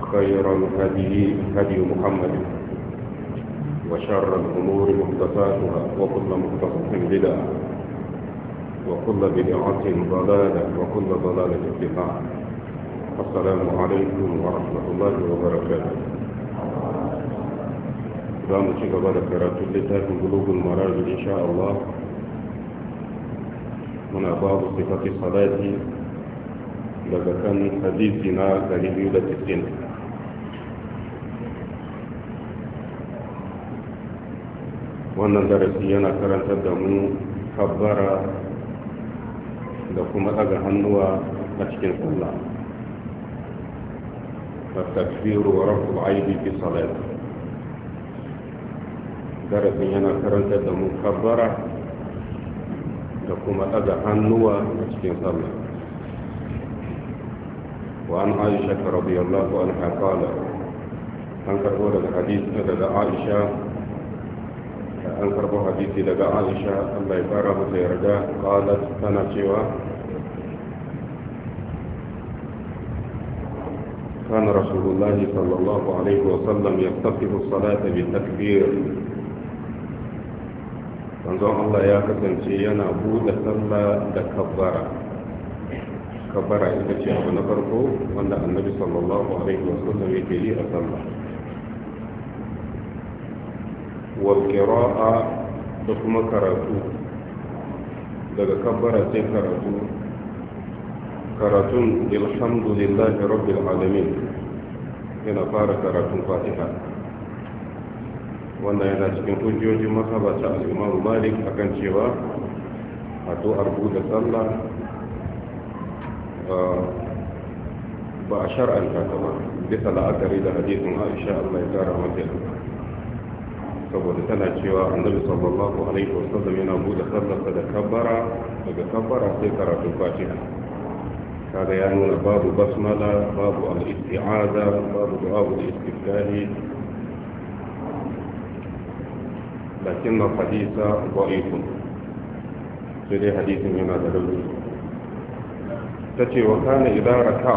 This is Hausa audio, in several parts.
خير الهدي هدي محمد وشر الأمور محدثاتها وكل محدثة بدعة وكل بدعة ضلالة وكل ضلالة في النار السلام عليكم ورحمة الله وبركاته زام شكرا ذكرات لتاك قلوب المراجل إن شاء الله هنا بعض صفات الصلاة لذا كان حديثنا كالبيولة السنة wannan darasi yana karantar da mu kabbara da kuma daga hannuwa a cikin sallah التكفير ورفع العيب في صلاة Darasin yana karantar da mu kabbara da kuma daga hannuwa a cikin sallah Wa وعن عائشة رضي الله عنها قال أنكر daga الحديث daga Aisha. أنكر بحديثي لقى عائشة الله يفارغ زيرجاه قالت أنا سوى كان رسول الله صلى الله عليه وسلم يستفق الصلاة بالتكبير فانزو الله يا كسن سينا بود صلى لكبر كبر إذا كنت أبنى فرقه وأن النبي صلى الله عليه وسلم يتلي أصلى da kuma karatu daga kabbara sai karatu karatun alhamdulillahi rabbil alamin yana fara karatun fatiha wannan yana cikin hujjojin masaba ta al'imamu malik akan cewa addu'ar buɗe sallah ba a shar'anta ta ba bisa la'akari da hadisin aisha Allah ya tara mata saboda tana cewa annabi sallallahu alaihi wasallam yana bude sallarsa da kabbara daga kabbara sai karatu fatiha kaga ya nuna babu basmala babu al-isti'aza babu du'a al istighfari lakin ma hadisa da'ifun sai dai hadisin yana da rauni tace wa kana idara ka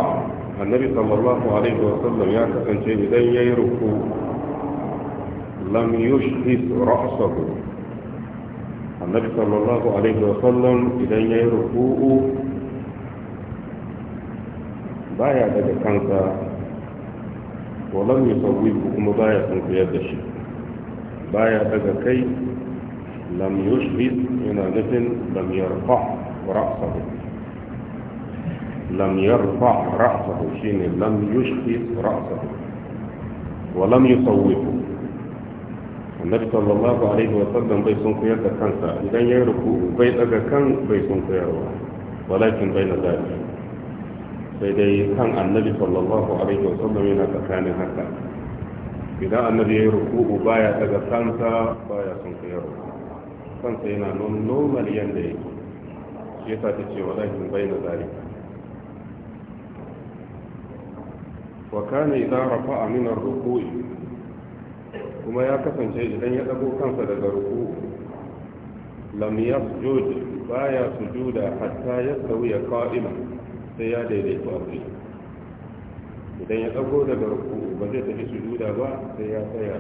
annabi sallallahu alaihi wasallam ya kasance idan yayi ruku لم يشهد رأسه النبي صلى الله عليه وسلم إلينا يرفوه بايا دجا كانتا ولم يصوب مبايا في يد الشيء بايا دجا كي لم يشهد إن نفن لم يرفع رأسه لم يرفع رأسه شين لم يشهد رأسه ولم يصوبه annabi sallallahu alaihi wa sallam bai sun koyar da kansa idan ya ruku bai daga kan bai sun koyarwa walakin bai na zaɓi sai dai kan annabi sallallahu alaihi wa sallam yana tsakanin haka idan annabi ya ruku baya daga kansa baya sun koyarwa kansa yana nun normal yanda yake shi yasa ta ce walakin bai na Wa zaɓi وكان إذا رفع من الركوع kuma ya kasance idan ya ɗago kansa daga ruku lam yasjud baya sujuda hatta yastawi qa'ima sai ya daidaito a kai idan ya ɗago daga ruku ba zai tafi sujuda ba sai ya tsaya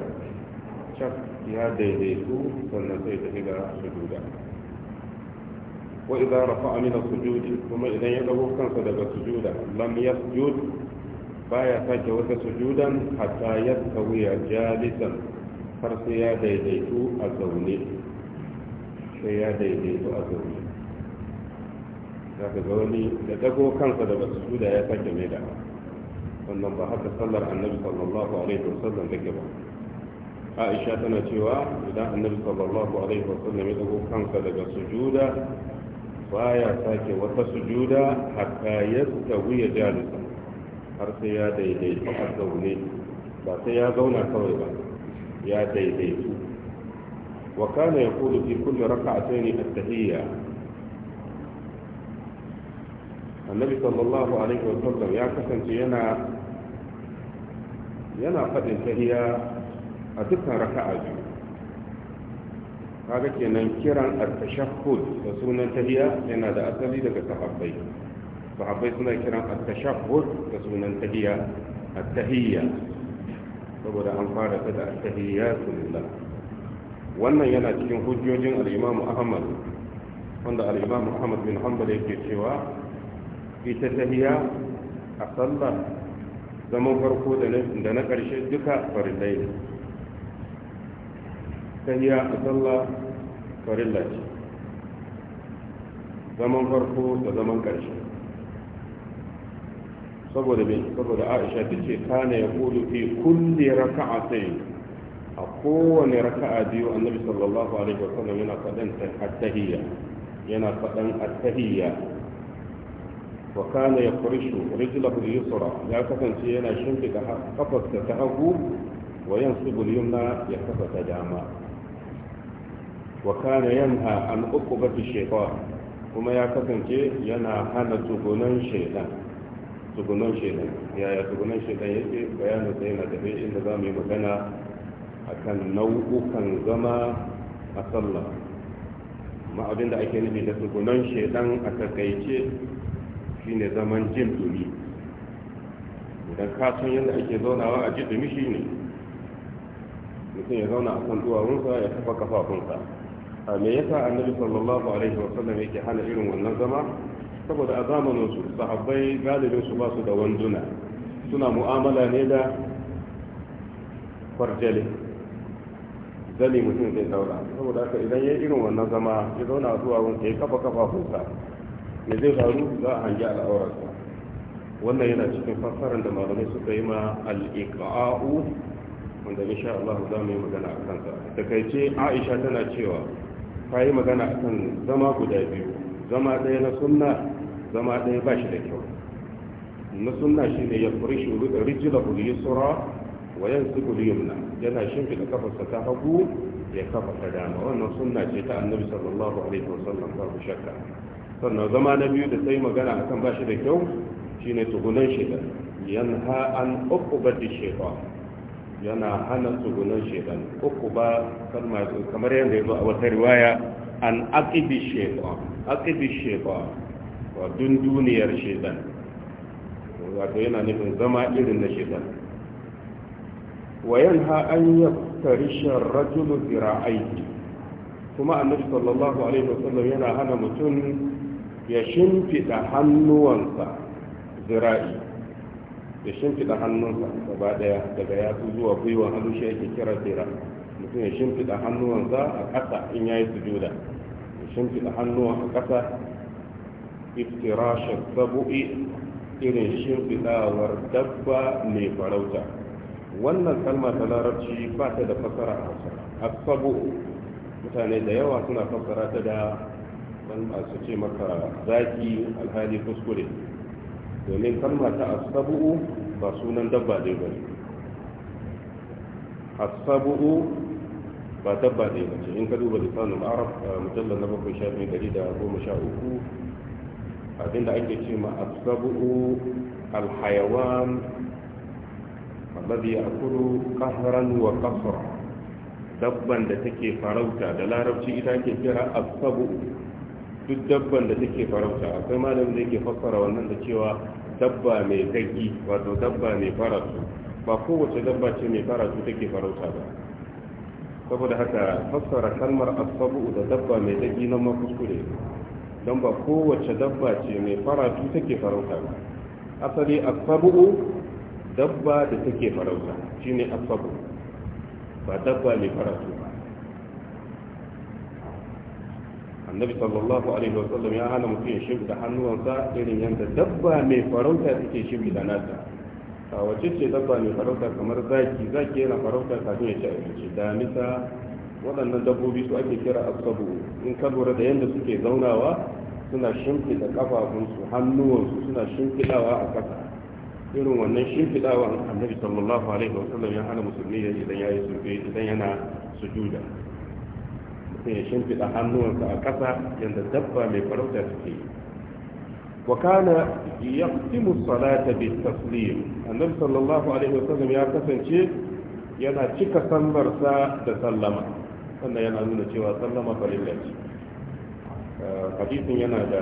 cak ya daidaito sannan sai tafi ga sujuda wa idan rafa'a min as-sujudi kuma idan ya ɗago kansa daga sujuda lam yasjud baya sake wata sujudan hatta yastawi jalisan har sai ya daidaitu a zaune sai ya daidaitu a zaune daga ga wani da dago kansa da basu su da ya sake mai da wannan ba haka sallar annabi sallallahu alaihi wasallam take ba aisha tana cewa idan annabi sallallahu alaihi wasallam ya dago kansa daga sujuda baya sake wata sujuda hatta ya tawi ya jalisa har sai ya daidaitu a zaune ba sai ya zauna kawai ba يا ديديت وكان يقول في كل ركعتين التهية النبي صلى الله عليه وسلم يا كسن ينا ينا قد انتهي أتكا ركعة هذا كان انكرا التشهد فسونا التهية لأن هذا أتلي لك تحبي فحبيتنا كرا التشهد فسونا التهية التهية saboda an fara ta da attahiyatu lillah wannan yana cikin hujjojin al-Imam Ahmad wanda al-Imam Ahmad bin Hanbal yake cewa ita tahiya a sallah zaman farko da na ƙarshe duka farillai ne tahiya a sallah farilla ce zaman farko da zaman ƙarshe saboda me saboda aisha ta ce kana ya kudu fi kulli raka'atayn a kowane raka'a biyu annabi sallallahu alaihi wasallam yana faɗan at-tahiyya yana faɗan at-tahiyya wa kana yafrishu rijlahu al-yusra ya kasance yana shimfida kafarsa ta hagu wa yansubu al-yumna ya kafa ta dama wa kana yanha an uqubati shaytan kuma ya kasance yana hana tugunan shaytan tugunan shaidan yaya tugunan shaidan yake bayanin sai na tafi inda za mu yi magana kan nau'ukan zama a sallah amma abin da ake nufi da tugunan shaidan a takaice shine zaman jin dumi idan ka san yadda ake zaunawa a ji dumi shine mutum ya zauna a kan duwawunsa ya kafa kafafunsa a me yasa annabi sallallahu alaihi wasallam yake hana irin wannan zama saboda a zamaninsu sahabbai galibinsu ba su da wanduna suna mu'amala ne da kwarjali zali mutum zai daura saboda haka idan ya irin wannan zama ya zauna zuwa duwawun ya kafa kafa kafafunsa me zai faru za a hangi al'aurarsa wannan yana cikin fassarar da malamai suka yi ma al'iqa'u wanda sha Allah za mu yi magana a kansa da kai ce Aisha tana cewa ta yi magana a kan zama guda biyu zama ɗaya na sunna zama ɗaya ba shi da kyau na sunna shi ne ya furi shi rijila yusra wa yansibu yumna yana shimfida kafarsa ta hagu ya kafa ta dama wannan sunna ce ta annabi sallallahu alaihi wa wasallam babu shakka sannan zama na biyu da sai magana akan ba shi da kyau shine da yan ha an uku uqubati shaitan yana hana tsugunan da uku ba kalma kamar yadda ya zo a wata riwaya an aqibi shaitan aqibi shaitan wa dunduniyar shaitan wato yana nufin zama irin na shaitan wa yanha an yaftarisha rajulu aiki. kuma annabi sallallahu alaihi wasallam yana hana mutum ya shimfida hannuwansa zira'i ya shimfida hannunsa gaba daya daga yatsu zuwa gwiwa hannu shi yake kira zira mutum ya shimfida hannuwansa a ƙasa in yayi sujuda ya shimfida hannuwansa a ƙasa iftirashin sabu'i irin shimfiɗawar dabba mai farauta wannan kalma ta larabci ba ta da fasara a hausa asabu mutane da yawa suna fasara ta da ba su ce maka zaki alhali kuskure domin kalma ta asabu ba sunan dabba dai ba ne asabu ba dabba dai ba ce in ka duba lisanin arab mujallar na bakwai shafi gari da goma sha uku abinda ake ce ma asabu alhayawan alladhi ya'kulu qahran wa qasra dabban da take farauta da larabci ita ake kira asabu duk dabban da take farauta akwai malamin da yake fassara wannan da cewa dabba mai gaggi wato dabba mai faratu ba kowace dabba ce mai faratu take farauta ba saboda haka fassara kalmar asabu da dabba mai gaggi nan ma kuskure don ba kowace dabba ce mai faratu take farauta ba asali asabu dabba da take farauta shine asabu ba dabba mai faratu ba annabi sallallahu alaihi wasallam ya hana mutum ya shimfi da hannuwansa irin yadda dabba mai farauta take shimfi da nata a wace ce dabba mai farauta kamar zaki zaki yana farauta kafin ya ci abinci damisa waɗannan dabbobi su ake kira asabu in ka lura da yadda suke zaunawa suna shimfida ƙafafunsu hannuwansu suna shimfiɗawa a kasa irin wannan shimfiɗawa annabi sallallahu alaihi wasallam ya hana musulmi idan yayi yi idan yana sujuda mutum ya shimfida hannuwansa a kasa yadda dabba mai farauta suke yi wa kana yaqtimu salata bi taslim annabi sallallahu alaihi wasallam ya kasance yana cika sallarsa da sallama sannan yana nuna cewa sallama farilla ce hadisin yana da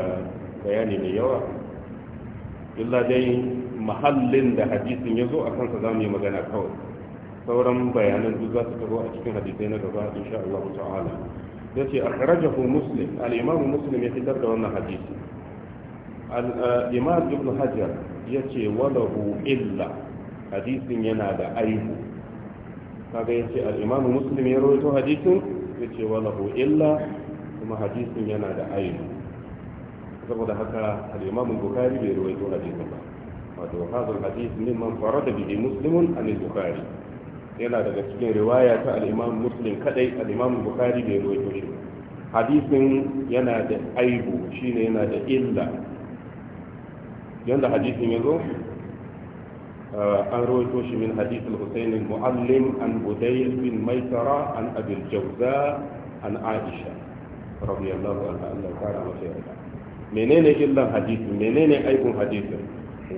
bayani mai yawa illa dai mahallin da hadisin ya zo a kansa za mu yi magana kawai sauran bayanan duk za su taho a cikin hadisai na gaba insha Allah ta'ala ya ce a karajahu muslim al'imamu muslim ya fitar da wannan hadisi al'imam eh, ibn hajar ya ce walahu illa hadisin yana da aihu kaga ya ce al'imamu muslim ya rawaito hadisin ya ce walahu illa kuma hadisin yana da ayin saboda haka al-imam bukhari bai ruwaito hadisin ba wato hadal hadis min man farada bihi muslimun an bukhari yana daga cikin riwaya ta al-imam muslim kadai al-imam bukhari bai ruwaito shi hadisin yana da aibu shine yana da illa yanda hadisin yazo an ruwaito shi min hadith al-husayn al-muallim an budayl bin maisara an abil jawza an aisha radiyallahu anhu Allah ya fara masa yarda menene illan hadisi menene aibun hadisi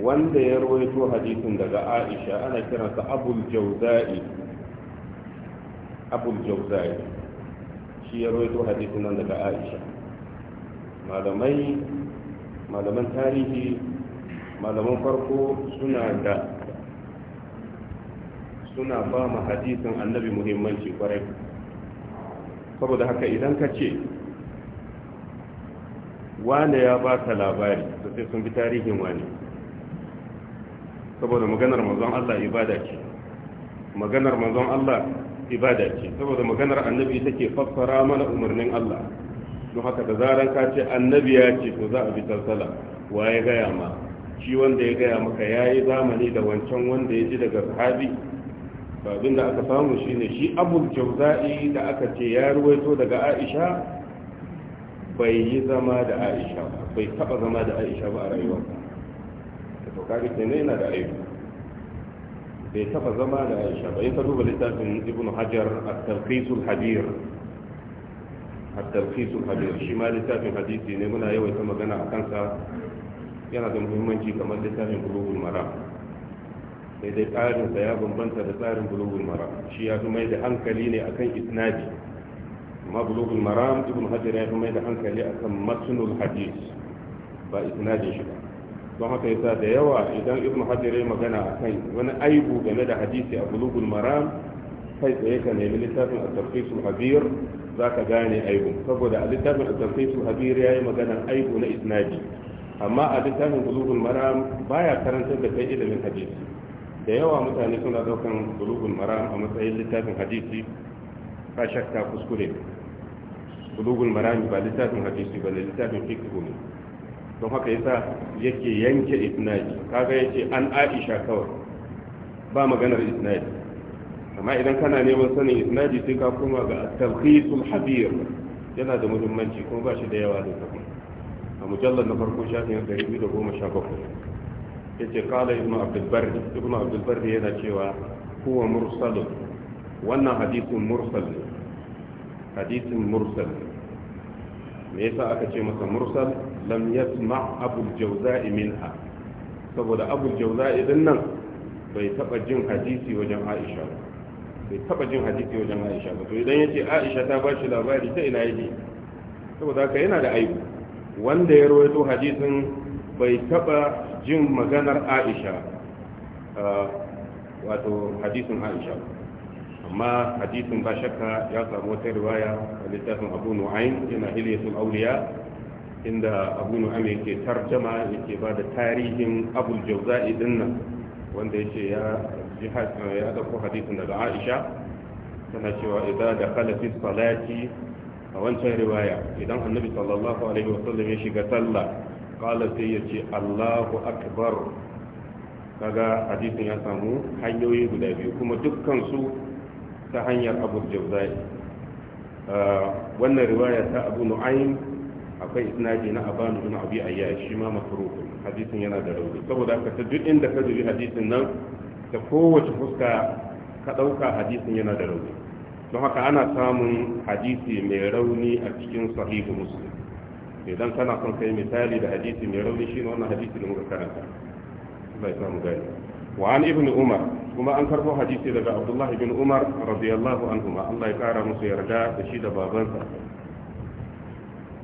wanda ya rawaito hadisin daga Aisha ana kiransa Abul Jawza'i Abul Jawza'i shi ya rawaito hadisin nan daga Aisha malamai malaman tarihi malaman farko suna da suna ba mu hadisin annabi muhimmanci kwarai saboda haka idan ka ce wane ya ba ka labari da sai sun bi tarihin wane saboda maganar manzon Allah ibada ce maganar manzon Allah ibada ce saboda maganar annabi take fassara mana umarnin Allah don haka da zaran ka ce annabi ya ce to za a bi salsala wa ya gaya ma shi wanda ya gaya maka ya yi zamani da wancan wanda ya ji daga sahabi babin da aka samu shine shi abul jawza'i da aka ce ya ruwaito daga aisha bai yi zama da aisha ba bai taba zama da aisha ba a rayuwarsa da to kaga kenan yana da aiki bai taba zama da aisha ba in ka duba littafin ibn hajar a talqisul habir A talqisul habir shi ma littafin hadisi ne muna yawaita magana a kansa yana da muhimmanci kamar littafin bulugul mara. sai dai tsarin sa ya bambanta da tsarin bulugul mara. shi ya fi mai da hankali ne akan isnadi amma bulugul maram ibn hajar ya fi mai da hankali akan matnul hadis ba shi ba don haka yasa da yawa idan ibn hajar ya magana kai wani aibu game da hadisi a bulugul maram kai tsaye ka nemi littafin a habir za ka gane aibu saboda a littafin a tarfisul habir ya yi magana aibu na isnadi amma a littafin bulugul maram baya karantar da kai ilimin hadisi da yawa mutane suna daukan bulugul maram a matsayin littafin hadisi ba shakka kuskure bulugul marami ba littafin hadisi ba littafin fiqh ne don haka yasa yake yanke isnadi kaga yace an aisha kawai ba maganar isnadi amma idan kana neman sanin isnadi sai ka koma ga tawhisul habir yana da muhimmanci kuma ba shi da yawa da kuma a mujallar na farko shafin 217 yace qala ibn abdul barr ibn abdul barr yana cewa huwa mursalun wannan hadisin mursal ne hadisin mursal me yasa aka ce masa mursal lam yasma abul jawza'i minha saboda abul jawza'i din nan bai taba jin hadisi wajen Aisha bai taba jin hadisi wajen Aisha ba to idan yace Aisha ta ba shi labari ta ina yake saboda haka yana da aibu wanda ya rawaito hadisin bai taba jin maganar Aisha ah, wato hadisin Aisha ba amma hadisin ba shakka ya samu wata riwaya a littafin abu nu'ayn yana hilyatul auliya inda abu nu'aym yake tarjama yake ba da tarihin abul jawza'i dinnan wanda yake ya ya dauko hadisin daga aisha tana cewa idan da khalafis salati a wancan riwaya idan annabi sallallahu alaihi wasallam ya shiga sallah qala sai ya ce allahu akbar kaga hadisin ya samu hanyoyi guda biyu kuma dukkan su ta hanyar abu jauzai ah, wannan riwaya ta abu nu'ayin akwai isnadi na abanu bin abi ayyash shi ma makruhun hadisin yana da rauni saboda haka ta duk inda ka dubi hadisin nan ta kowace fuska ka ɗauka hadisin yana da rauni don haka ana samun hadisi mai rauni a cikin sahihu muslim idan kana son kai misali da hadisi mai rauni shi ne wannan hadisi da muka karanta Allah ya samu gani wa an ibnu umar kuma an karbo hadisi daga abdullahi bin umar radiyallahu anhuma allah ya kara musu yarda da shi da babansa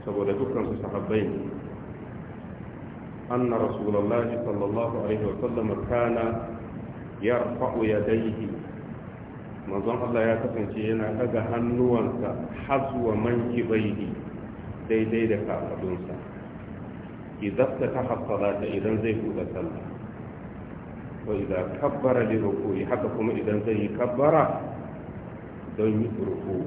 saboda dukkan su sahabbai ne anna rasulullah sallallahu alaihi wa sallam kana yarfa'u yadayhi manzon allah ya kasance yana daga hannuwansa hazwa mankibaihi daidai da kafadunsa idan ta haffala idan zai buɗe sallah wa idza kabbara li ruku'i haka kuma idan zai yi kabbara don ruku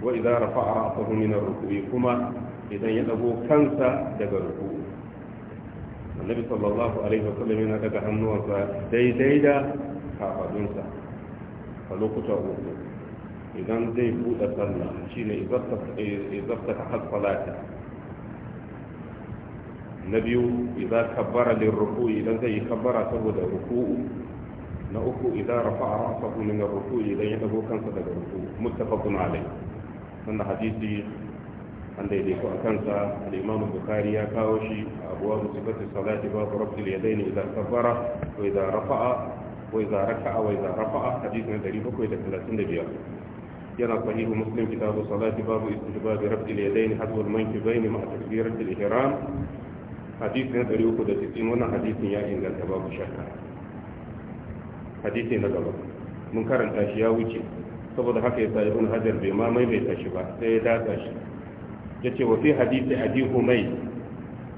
wa idza rafa'a ra'sahu min ar-ruku'i kuma idan ya dago kansa daga ruku annabi sallallahu alaihi wa sallam daga hannuwansa daidai da kafadunsa a lokuta uku idan zai buɗe sallah shine idan na biyu idan kabbara lirruku idan zai yi kabbara saboda ruku'u na uku idan rafa'a ra'sahu min ar-ruku idan ya dago kansa daga ruku muttafaqun alai wannan hadisi an daidai ko kansa al-imam bukhari ya kawo shi a abuwa musibati salati babu rabbil yadaini idan kabbara wa idan rafa'a wa idan raka'a wa idan rafa'a hadisi na 735 يرى صحيح مسلم كتاب الصلاة باب استحباب رفع اليدين حسب المنكبين مع تكبيرة الإحرام hadisi na 390 wannan hadisin ya inganta babu shakka hadisi na gaba mun karanta shi ya wuce saboda haka ya ibn hajar bai ma maimaita shi ba sai ya datsa shi ya ce wa fi hadisi abi humayd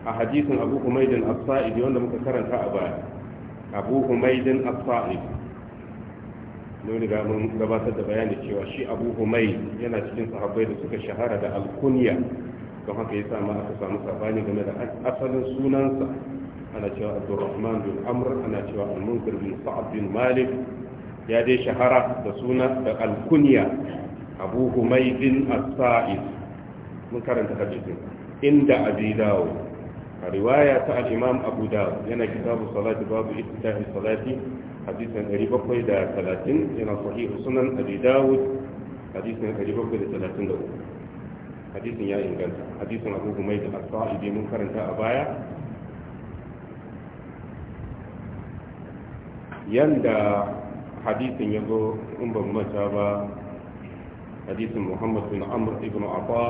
a hadisin abu humayd as-sa'id wanda muka karanta a baya abu humayd as-sa'id mun riga mun gabatar da bayani cewa shi abu humai yana cikin sahabbai da suka shahara da al don haka ya sami aka samu sabani game da asalin sunansa ana cewa abdurrahman bin amr ana cewa al-munkir bin sa'ad bin malik ya dai shahara da suna da alkunya abu bin as-sa'id mun karanta hadisin inda abi dawo a riwaya ta al-imam abu dawo yana kitabu salati babu ittihadi salati hadisin 730 yana sahihu sunan abi dawo hadisin 733 hadisin ya inganta hadisin abu humai da asfa'ibi mun karanta a baya yanda hadisin ya zo in ban mata ba hadisin muhammad bin amr ibn afa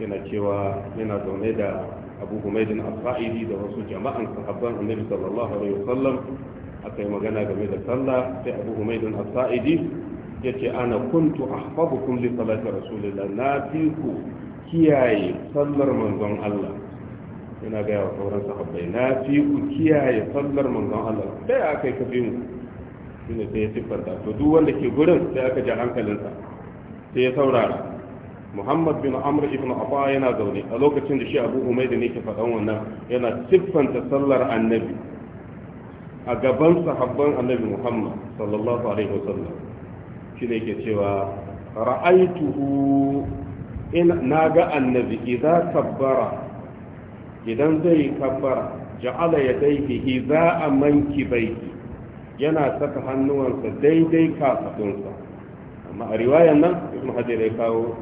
yana cewa yana zaune da abu humai da asfa'ibi da wasu jama'an sahabban annabi sallallahu alaihi wasallam aka yi magana game da sallah sai abu humai da asfa'ibi ce ana kuntu a ahfabukum li salati rasulillah na fi ku kiyaye sallar manzon Allah yana gaya wa sauran sahabbai na fi ku kiyaye sallar manzon Allah sai aka yi kafi mu shine sai ya siffanta to duk wanda ke gurin sai aka ji hankalinsa sai ya saurara muhammad bin amr ibn abba yana zaune a lokacin da shi abu umai da ke faɗan wannan yana siffanta sallar annabi a gaban sahabban annabi muhammad sallallahu alaihi wasallam shi ne ke cewa ra'aituhu na ga annabi idan kabbara idan zai kabbara ja'ala ya daifi za a manki baiki yana saka hannuwansa daidai kafadunsa amma a riwayan nan ibn hajar ya kawo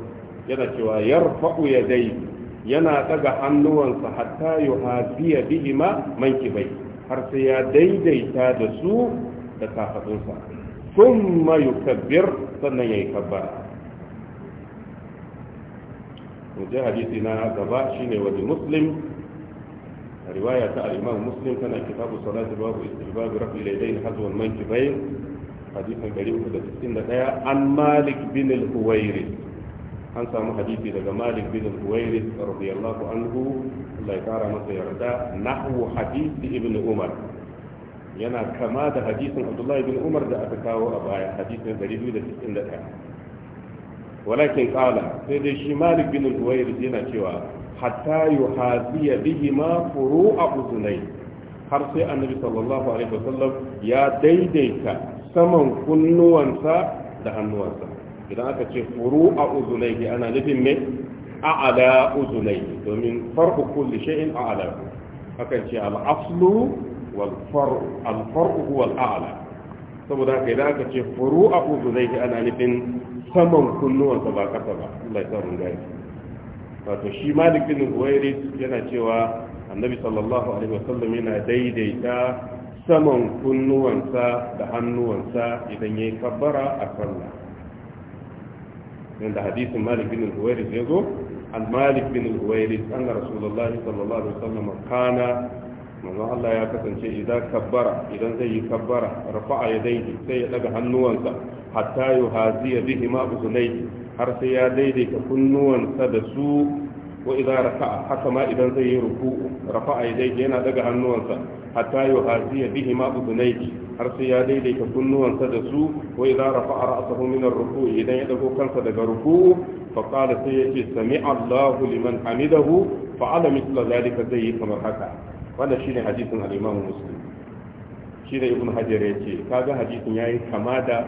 yana cewa yarfa'u ya daifi yana daga hannuwansa hatta yi hafiya bihima manki baiki har sai ya daidaita da su da kafadunsa sun mayu kabbir sannan ya yi kabba wajen hadisi na gaba shine wajen muslim رواية الإمام مسلم كان كتاب الصلاة باب استحباب رفع اليدين حذو المنكبين حديث قريب كده ستين دقيقة عن مالك بن الهويرث عن سام حديثي لدى مالك بن الهويرث رضي الله عنه الله يكرمه يرضى نحو حديث ابن عمر yana kama da hadisin abdullahi bin umar da aka kawo a baya hadisin 291 walakin kala sai dai shi malik bin al yana cewa hatta Hasiya, bihi ma furu'a uzunai har sai annabi sallallahu alaihi wasallam ya daidaita saman kunnuwansa da hannuwansa idan aka ce furu'a uzunai ana nufin me a'ala uzunai domin farqu kulli shay'in a'ala akan ce al-aslu والفرع الفرع هو الأعلى saboda haka idan aka ce furu a kudu zai ana nufin saman kunnuwansa ba kasa ba Allah ya mun gani wato shi malik bin huwairis yana cewa annabi sallallahu alaihi wasallam yana daidaita saman kunnuwansa da hannuwansa idan ya yi kabbara a sallah inda hadisin malik bin huwairis ya zo al malik bin huwairis anna rasulullahi sallallahu alaihi wasallam kana manzon Allah ya kasance idan kabbara idan zai yi kabbara rafa'a daidai sai ya daga hannuwansa hatta yuhaziya bihi ma uzunayhi har sai ya daidaita kunnuwansa da su wa idan raka'a haka ma idan zai yi ruku'u rafa'a daidai yana daga hannuwansa hatta yuhaziya bihi ma uzunayhi har sai ya daidaita kunnuwansa da su wa idan rafa'a ra'sahu min ar-ruku'i idan ya dago kansa daga ruku'u fa qala sai yace sami'a Allahu liman hamidahu fa ala mithla zalika zai yi kamar haka shi ne hadisin al-Imam Muslim shine Ibn Hajar yace kaga hadisin ya yi kama da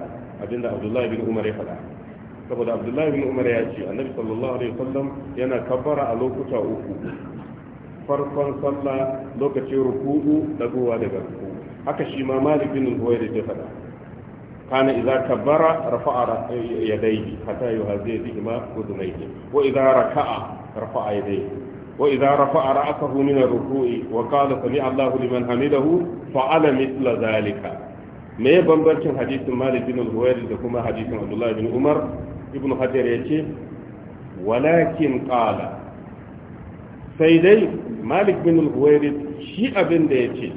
abin da Abdullahi bin Umar ya faɗa saboda Abdullahi bin Umar ya ce Annabi sallallahu alaihi wasallam yana kabbara a lokuta uku farkon sallah lokacin ruku'u dagowa daga ruku'u haka shi ma Malik bin Huwairi ya faɗa كان إذا كبر رفع يديه حتى يهزيه بهما أذنيه وإذا ركع رفع يديه وإذا رفع رأسه من الركوع وقال سمع الله لمن حمده فعل مثل ذلك ما يبنبرشن حديث مالك بن الهوير لكما حديث عبد الله بن عمر ابن حجر يتي ولكن قال سيدي مالك بن الهوير شيء أبن يتي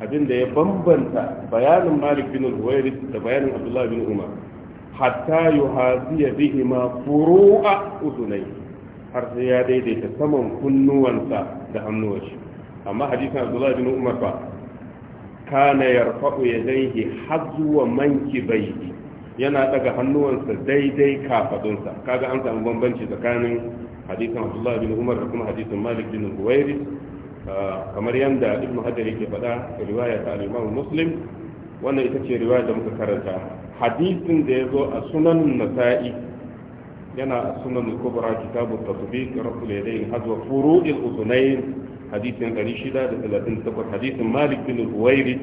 abin da ya bambanta bayanin malik bin al-huwairis da bayanin abdullahi bin umar hatta yuhaziya bihima furu'a udunai har sai ya daidaita saman kunnuwansa da hannuwan amma hadisin abdullahi bin umar fa kana yarfa'u yadayhi hazwa mankibaihi yana daga hannuwansa daidai kafadunsa kaga an samu bambanci tsakanin hadisin abdullahi bin umar da kuma hadisin malik bin huwairi ah, kamar yadda ibn hajar yake faɗa riwaya ta al-imam muslim wannan ita ce riwaya da muka karanta hadisin da ya zo a sunan nasa'i yana sunan kubra kitabu tasbiq rasul yadayn hazwa furu'il usunayn hadisin 638 hadithin malik bin al-huwairi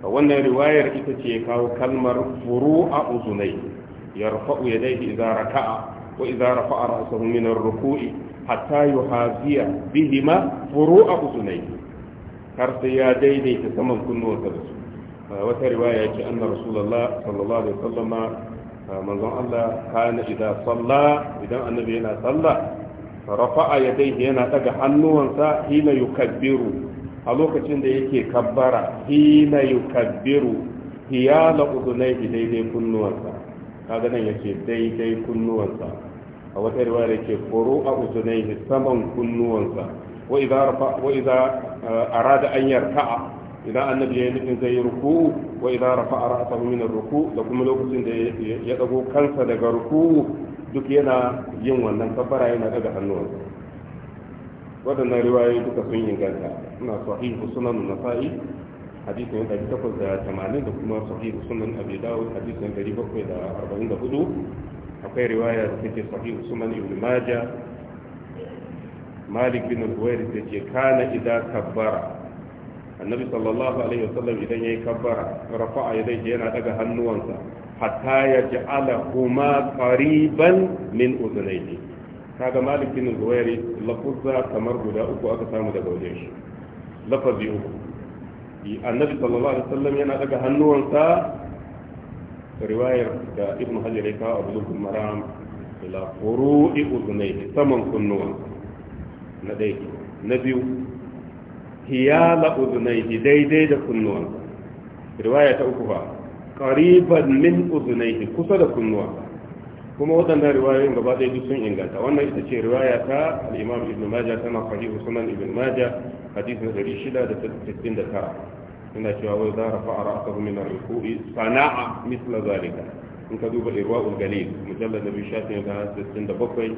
wannan riwayar ita ce kawo kalmar furu'a uzunai yarfa'u yadayhi idza raka'a wa idza rafa'a ra'sahu min ar-ruku'i hatta yuhaziya bihima furu'a uzunai har sai ya daidaita saman kunnuwansa da su wata riwaya ce anna rasulullah sallallahu alaihi wasallama manzon Allah kana idan salla idan annabi yana salla rafa'a yadayhi yana daga hannuwansa hina yukabbiru a lokacin da yake kabbara hina yukabbiru hiyala udunaihi daidai kunnuwansa kaga nan yace daidai kunnuwansa a wata riwaya yake furu a udunaihi saman kunnuwansa wa idza rafa wa idza arada an yarka'a idan annabi ya yi nufin zai yi ruku wa idan rafa a ra'asa min ruku da kuma lokacin da ya dago kansa daga ruku duk yana yin wannan kafara yana daga hannuwansa waɗannan riwayoyi duka sun yi inganta suna sahihu sunan nasa'i hadisin ya ɗari takwas da tamanin da kuma sahihu sunan abi dawud hadisin ya ɗari bakwai da arba'in da hudu akwai riwaya da take sahihu sunan ibn maja malik bin al-huwairi da ke kana idan kabbara annabi sallallahu alaihi wasallam idan yayi kabbara rafa'a yadayhi yana daga hannuwansa hatta ala, kuma qariban min udunayhi kaga malik bin zuwairi lafuzza kamar guda uku aka samu daga waje. shi lafazi uku annabi sallallahu alaihi wasallam yana daga hannuwansa riwayar da ibn hajar ya kawo abu lukun maram ila furu'i udunayhi saman kunnuwansa na ɗaya na biyu hiyala uzunaihi daidai da kunnuwansa riwaya ta uku ba qariban min uzunaihi kusa da kunnuwansa kuma waɗannan riwayoyin gaba ɗaya duk sun inganta wannan ita ce riwaya ta al-imam ibn majah tana sahihu sunan ibn majah hadisi na 669 ina cewa wai za rafa ra'sahu min ar-ruku'i sana'a misla zalika in ka duba irwaul galil mujallad nabi shafin da 67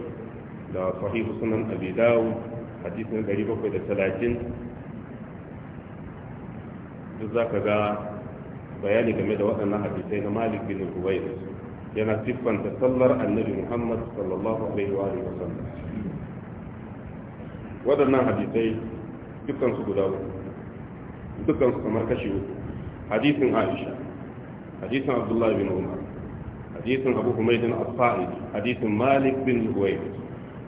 da sahihu sunan abi dawud hadisi na 730 duk za ka ga bayani game da waɗannan hadisai na malik bin ruwairu yana siffanta sallar annabi muhammad sallallahu alaihi wa sallam waɗannan hadisai dukkan su guda uku dukkan su kamar kashi uku hadisin aisha hadisin abdullahi bin umar hadisin abu humaydin al-fa'id hadisin malik bin ruwairu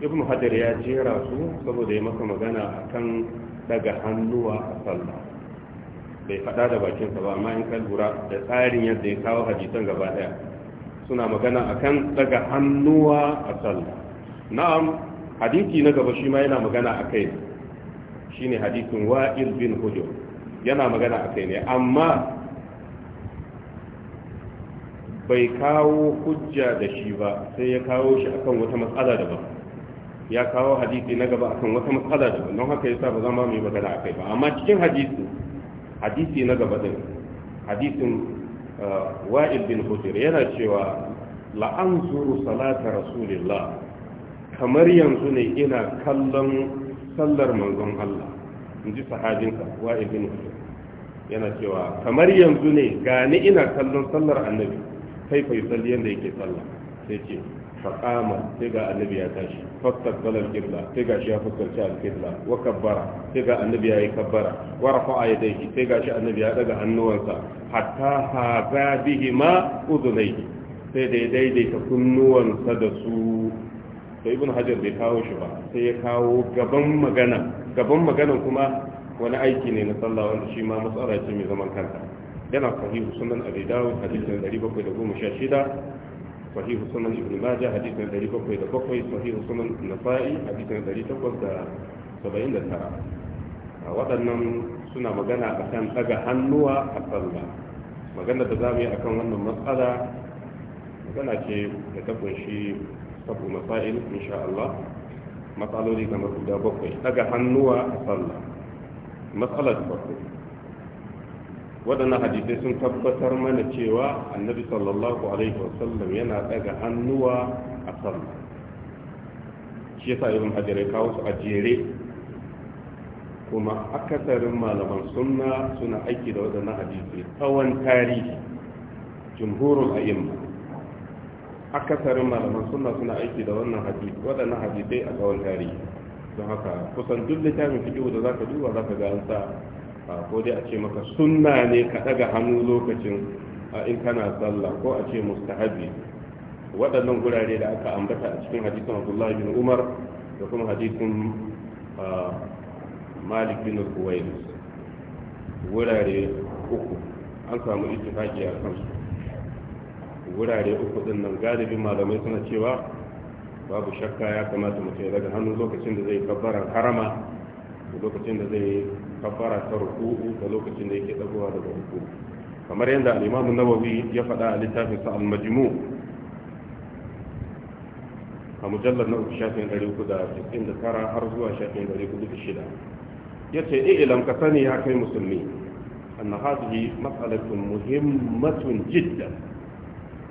ibn hajar ya jera su saboda ya maka magana akan daga hannuwa a sallah bai faɗa da bakinsa ba amma in ka lura da tsarin yadda ya kawo hadisan gaba ɗaya suna magana akan daga hannuwa a sallah na'am hadisi na gaba shi ma yana magana a kai shine hadisin wa'il bin hujur yana magana a kai ne amma bai kawo hujja da shi ba sai ya kawo shi akan wata matsala daban ya kawo hadisi na gaba akan wata matsala daban don haka yasa ba zama mai magana akai ba amma cikin hadisi hadisi na gaba din hadisin uh, wa'il bin hujr yana cewa la'anzuru salata rasulillah kamar yanzu ne ina kallon sallar manzon Allah in ji sahabinsa wa'il bin hujr yana cewa kamar yanzu ne gani ina kallon sallar annabi kai fa yusalli yanda yake sallah sai ce faƙama sai ga annabi ya tashi fassar zalar kibla sai ga shi ya fuskarci alkibla wa sai ga annabi ya yi kabbara wa a yadda shi sai ga shi annabi ya daga hannuwansa hatta haza bihi ma uzunai sai da ya daidaita kunnuwansa da su to ibn hajar bai kawo shi ba sai ya kawo gaban magana gaban magana kuma wani aiki ne na sallah wanda shi ma matsala ce mai zaman kanta yana sahihu sunan abi dawud hadisin 716 صحيح سنن ابن ماجه حديث دري بكوي بكوي صحيح سنن النسائي حديث دري تقوس سبعين ترى waɗannan suna magana akan ɗaga hannuwa a sallah magana da za mu yi akan wannan matsala magana ce da ta kunshi sabu masail insha Allah matsaloli kamar guda bakwai ɗaga hannuwa a sallah matsalar waɗannan hadisai sun tabbatar mana cewa annabi sallallahu alaihi wasallam yana daga hannuwa a sallah shi yasa ibn hajar ya kawo su a jere kuma akasarin malaman sunna suna aiki da waɗannan hadisai tsawon tarihi jumhurul a'imma akasarin malaman sunna suna aiki da wannan hadisi waɗannan hadisai a tsawon tarihi don haka kusan duk littafin fiqh da zaka duba zaka ga an sa ko dai a ce maka sunna ne ka daga hannu lokacin in kana sallah ko a ce mustahabi waɗannan gurare da aka ambata a cikin hadisin abdullahi bin umar da kuma hadisin malik bin kuwait wurare uku an samu ittifaki a kansu wurare uku din nan galibin malamai suna cewa babu shakka ya kamata mutum ya daga hannu lokacin da zai kabbaran harama lokacin da zai kabbara ta ruku'u da lokacin da yake dagowa daga ruku'u kamar yadda al-Imam nawawi ya faɗa a littafin sa al-Majmu a mujallar na uku shafin uku da da cikin tara har zuwa shafin uku da 406 yace eh ilam ka sani ya kai musulmi anna hajji, mas'alatun muhimmatun jiddan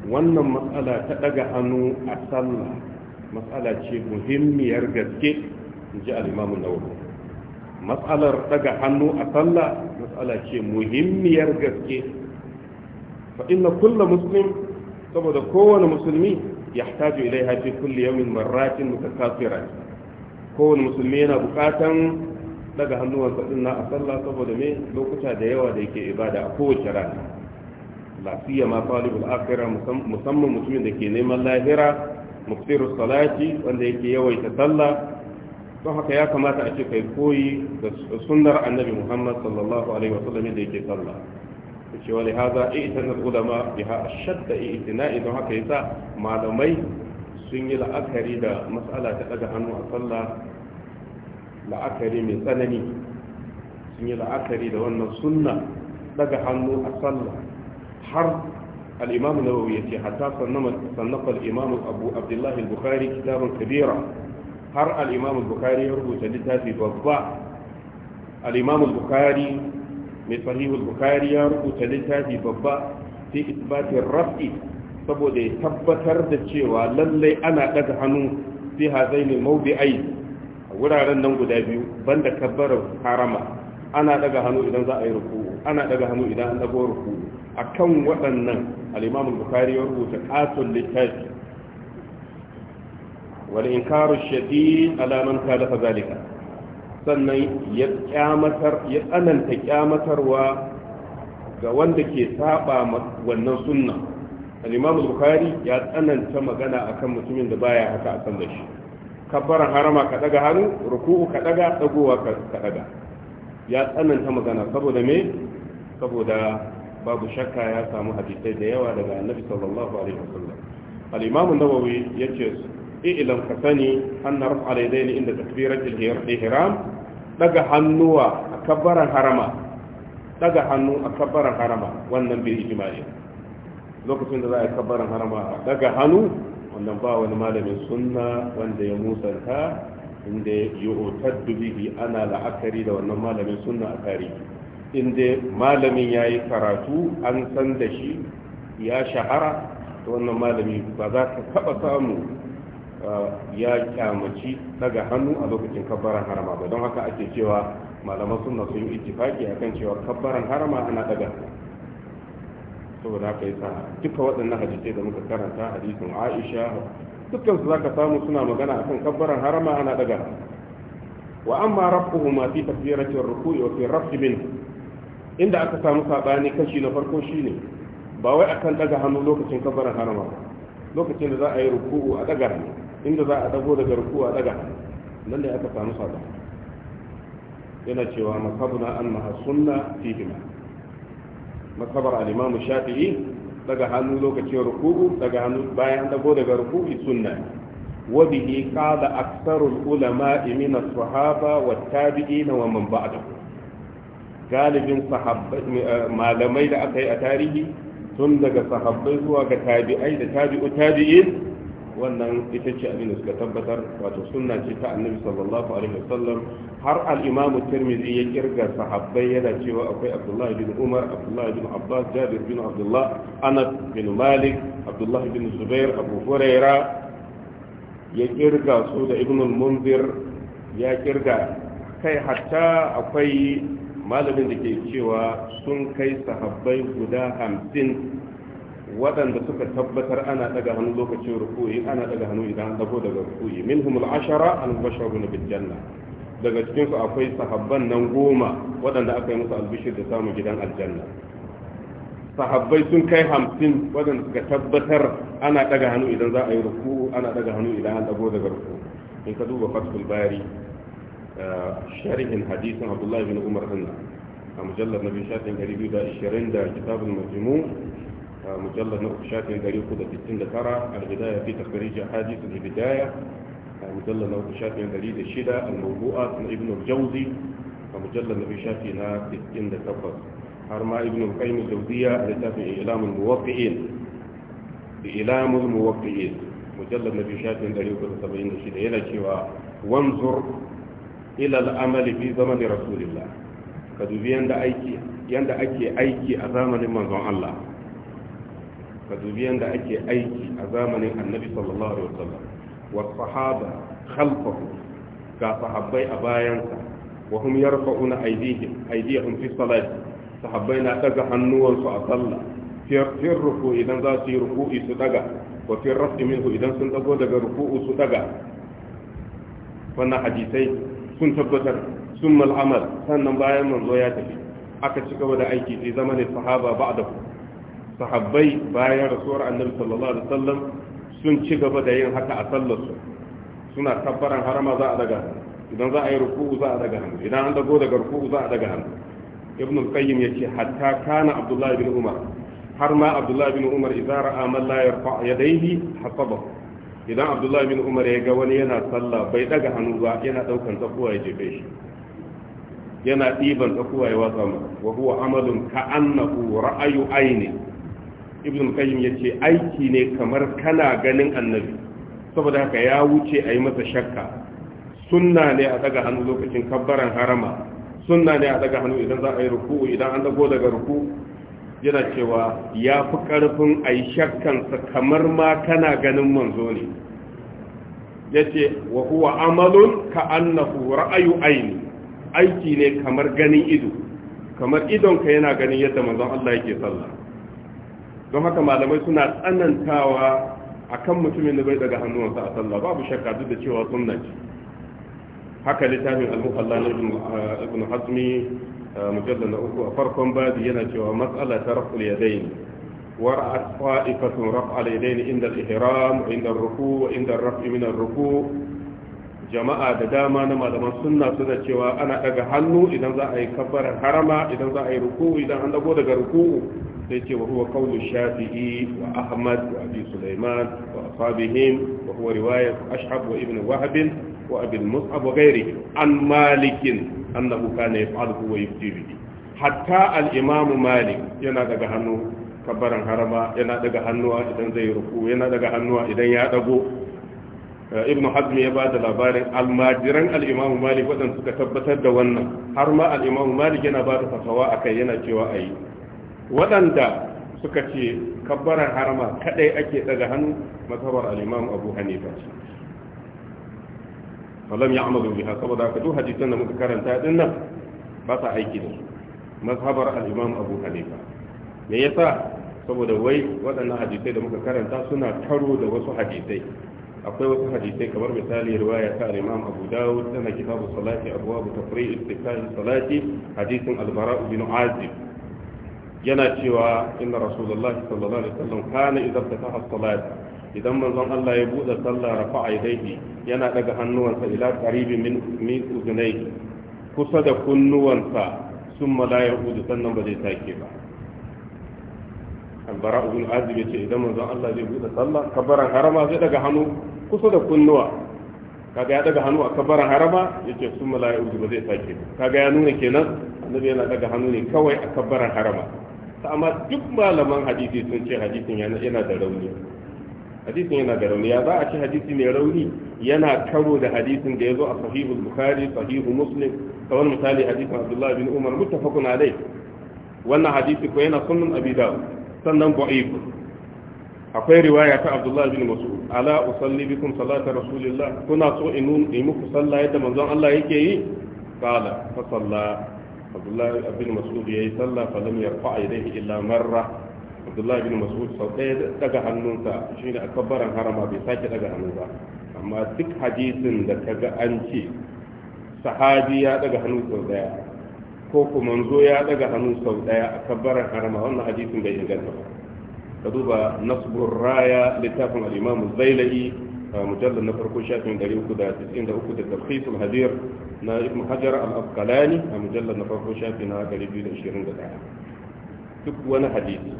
wannan matsala ta ɗaga hannu a sallah matsala ce muhimmiyar gaske in ji al-Imam nawawi matsalar daga hannu a sallah matsala ce muhimmiyar gaske fa inna kullu muslim saboda kowane musulmi ya yahtaju ilai fi kulli yawmin marratin mutakaffiran kowane musulmi yana bukatan daga hannuwansa na a sallah saboda me lokuta da yawa da yake ibada a kowace rana lafiya ma talibul akhirah musamman mutumin da ke neman lahira Muftiru salati wanda yake yawaita sallah don haka ya kamata a ce kai koyi da sunnar annabi muhammad sallallahu alaihi wa wasallam da yake sallah ce wani haza a i'tana ulama biha ashadda i'tina'i don haka yasa malamai sun yi la'akari da mas'ala ta daga hannu a sallah la'akari mai tsanani sun yi la'akari da wannan sunna daga hannu a sallah har al-imam nawawi yace hatta sannan al-imam abu abdullahi al-bukhari kitabun kabira har al-imam bukhari ya rubuta littafi babba al bukhari mai sahih al ya rubuta littafi babba fi isbatir raf'i saboda ya tabbatar da cewa lallai ana daga hannu maubi hazaini a wuraren nan guda biyu banda kabbarar harama ana daga hannu idan za a yi ruku ana daga hannu idan an dago ruku kan waɗannan al bukari bukhari ya rubuta qatul littafi wal inkaru shadid alamun ta dafa zalika sannan ya tsananta kyamatarwa ga wanda ke saba wannan sunna al-imam ya tsananta magana akan mutumin da baya haka a san da shi kabbaran harama ka daga hannu ruku'u ka daga dagowa ka daga ya tsananta magana saboda me saboda babu shakka ya samu hadisai da yawa daga annabi sallallahu alaihi wasallam al-imam ya ce yace ilam ka sani an na rufa alaidaini inda takbirar ihram daga hannuwa a kabbaran harama daga hannu a kabbaran harama wannan bai ijma'i lokacin da za a yi kabbaran harama daga hannu wannan ba wani malamin sunna wanda ya musanta inda yi otar dubihi ana la'akari da wannan malamin sunna a tarihi inda malamin ya yi karatu an san da shi ya shahara da wannan malami ba za ka taba samu ya kyamaci daga hannu a lokacin kabbaran harama ba don haka ake cewa malaman sunna sun yi ittifaki akan cewa kabbaran harama ana daga saboda haka yasa duka waɗannan hadisai da muka karanta hadisin Aisha dukkan su zaka samu suna magana akan kabbaran harama ana daga wa amma ma fi takbirati ar-ruku'i wa fi rafi min inda aka samu sabani kashi na farko shine ba wai akan daga hannu lokacin kabbaran harama lokacin da za a yi ruku'u a daga hannu inda za a dago daga ruku a daga nan ne aka samu sada yana cewa masabuna an maha sunna fihima masabar al shafi'i daga hannu lokacin ruku daga hannu bayan dago daga ruku sunna wa bihi qala aktharul ulama min as-sahaba wat tabi'in galibin malamai da aka yi a tarihi tun daga sahabbai zuwa ga tabi'ai da tabi'u tabii wannan ita ce abin da suka tabbatar wato sunna ce ta annabi sallallahu alaihi wasallam har al-imam tirmidhi ya kirga sahabbai yana cewa akwai Abdullahi bin umar Abdullahi bin abbas jabir bin abdullah anas bin malik Abdullahi bin zubair abu huraira ya kirga su da ibn al-munzir ya kirga kai hatta akwai malamin da ke cewa sun kai sahabbai guda hamsin waɗanda suka tabbatar ana daga hannu lokacin rukuyi ana daga hannu idan an dago daga rukuyi Min al-ashara al-basharun bil janna daga cikin su akwai sahabban nan goma waɗanda aka yi musu albishir da samun gidan aljanna sahabbai sun kai hamsin waɗanda suka tabbatar ana daga hannu idan za a yi ruku ana daga hannu idan an dago daga ruku in ka duba fatul bari eh, sharihin hadisin abdullahi bin umar dinna a mujallar nabi shafin 220 da kitabul majmu' مجلد نقف شافين دريق ده ستين ترى الغداية في تخريج أحاديث البداية مجلد نقف شافين دريد الشدة الموضوعة ابن الجوزي مجلد نقف شافينا ستين لتقص حرما ابن القيم الجوزية لتابع إعلام الموقعين إعلام الموقعين مجلد نقف شافين دريق ده سبعين الشدة إلى شواء وانظر إلى الأمل في زمن رسول الله قد يند أيكي يند أيكي أيكي أزامن منظر الله ka dubi yadda ake aiki a zamanin annabi sallallahu alaihi wasallam wa sahaba khalfahu ga sahabbai a bayansa wa hum yarfa'una aydihim aydihim fi salati sahabbai na daga hannuwansu a sallah fi ruku idan za su yi ruku'i su daga wa fi rafi minhu idan sun dago daga ruku'u su daga wannan hadisai sun tabbatar sun mal'amal sannan bayan manzo ya tafi aka ci gaba da aiki sai zamanin sahaba ba'da ku sahabbai bayan rasuwar annabi sallallahu alaihi wasallam sun ci gaba da yin haka a sallarsu suna tabbaran harama za a daga idan za a yi ruku'u za a daga hannu idan an dago daga ruku'u za a daga hannu ibn al-qayyim yace hatta kana abdullah ibn umar har ma abdullah ibn umar idan ra'a man la yarfa yadayhi hasaba idan abdullah ibn umar ya ga wani yana sallah bai daga hannu ba yana daukan tsakuwa ya jefe shi yana ɗiban tsakuwa ya watsa masa wa huwa amalun ka'annahu ra'ayu aini ibn qayyim yace aiki ne kamar kana ganin annabi saboda haka ya wuce a yi masa shakka sunna ne a daga hannu lokacin kabbaran harama sunna ne a daga hannu idan za a yi ruku'u idan an dago daga ruku yana cewa ya fi karfin a yi shakkansa kamar ma kana ganin manzo ne ya ce wa huwa amalun ka annahu ra'ayu aini aiki ne kamar ganin ido kamar idonka yana ganin yadda manzon Allah yake sallah don haka malamai suna tsanantawa akan mutumin da bai daga hannuwansa a sallah babu shakka duk da cewa sunna ce haka littafin al-muhalla na ibn ah, hazmi ah, mujallal na uku a farkon babi yana cewa matsala ta ne yadayn ورأت طائفة رفع اليدين عند الإحرام inda الركوع وعند الرفع من الركوع jama'a da dama na malaman sunna suna cewa ana daga hannu idan za a yi kabbarar harama idan za a yi ruku'u idan an dago daga ruku'u sai ce wa huwa qawlu shafi'i wa ahmad wa abi sulaiman wa ashabihim wa huwa riwayat ashhab wa ibn wahb wa abi mus'ab wa ghayrihi an malik annahu kana yaf'aluhu wa yufti hatta al-imam malik yana daga hannu kabbaran harama yana daga hannuwa idan zai ruku yana daga hannuwa idan ya dago eh, ibnu hazmi ya bada labarin almajiran al-imam malik wadanda suka tabbatar da wannan har ma al-imam malik yana bada fatawa akai yana cewa ayi waɗanda suka ce kabbarar harama kaɗai ake daga hannu mazhabar al abu hanifa ce falam ya amalu biha saboda haka duk hadisan da muka karanta din nan ba sa aiki da su mazhabar al abu hanifa me ya sa saboda wai waɗannan hadisai da muka karanta suna karo da wasu hadisai akwai wasu hadisai kamar misali riwaya ta al-imam abu dawud tana kitabu salati abwabu tafri'i istiqa'i salati hadisin al-bara' bin azib yana cewa inna rasulullahi sallallahu alaihi wasallam kana idza fataha as-salat idan manzon Allah ya bude sallah rafa'a yadayhi yana daga hannuwansa ila qaribi min min uzunayhi kusa da kunnuwansa summa la yahudu sannan ba zai take ba albara ibn azib yace idan manzon Allah zai bude sallah kabaran harama zai daga hannu kusa da kunnuwa kaga ya daga hannu a kabaran harama yace summa la yahudu ba zai take ba kaga ya nuna kenan annabi yana daga hannu ne kawai a kabbaran harama amma duk malaman hadisi sun ce hadisin yana da rauni hadisin yana da rauni ya za a ce hadisi mai rauni yana karo da hadisin da ya zo a sahihu bukhari sahihu muslim kawai misali hadisin abdullahi bin umar muttafaqun alai wannan hadisi ko yana sunan abi dawud sannan da'if akwai riwaya ta abdullahi bin mas'ud ala usalli bikum salata rasulillah kuna so in muku sallah yadda manzon Allah yake yi qala fa sallah abdullahi bin mas'ud yayi sallah fa lam yarfa yadayhi illa marra abdullahi bin mas'ud sau ɗaya daga hannunsa shine a kabbaran harama bai sake daga hannu ba amma duk hadisin da kaga an ce sahabi ya daga sau ɗaya ko kuma manzo ya daga hannu sau ɗaya a kabbaran harama wannan hadisin bai inganta ba ka duba nasbur raya littafin al-imam zailai mujallar na farko shafin 393 da tafsirul hadir na ibn hajar al-asqalani a mujallar na farko shafi na 221 duk wani hadisi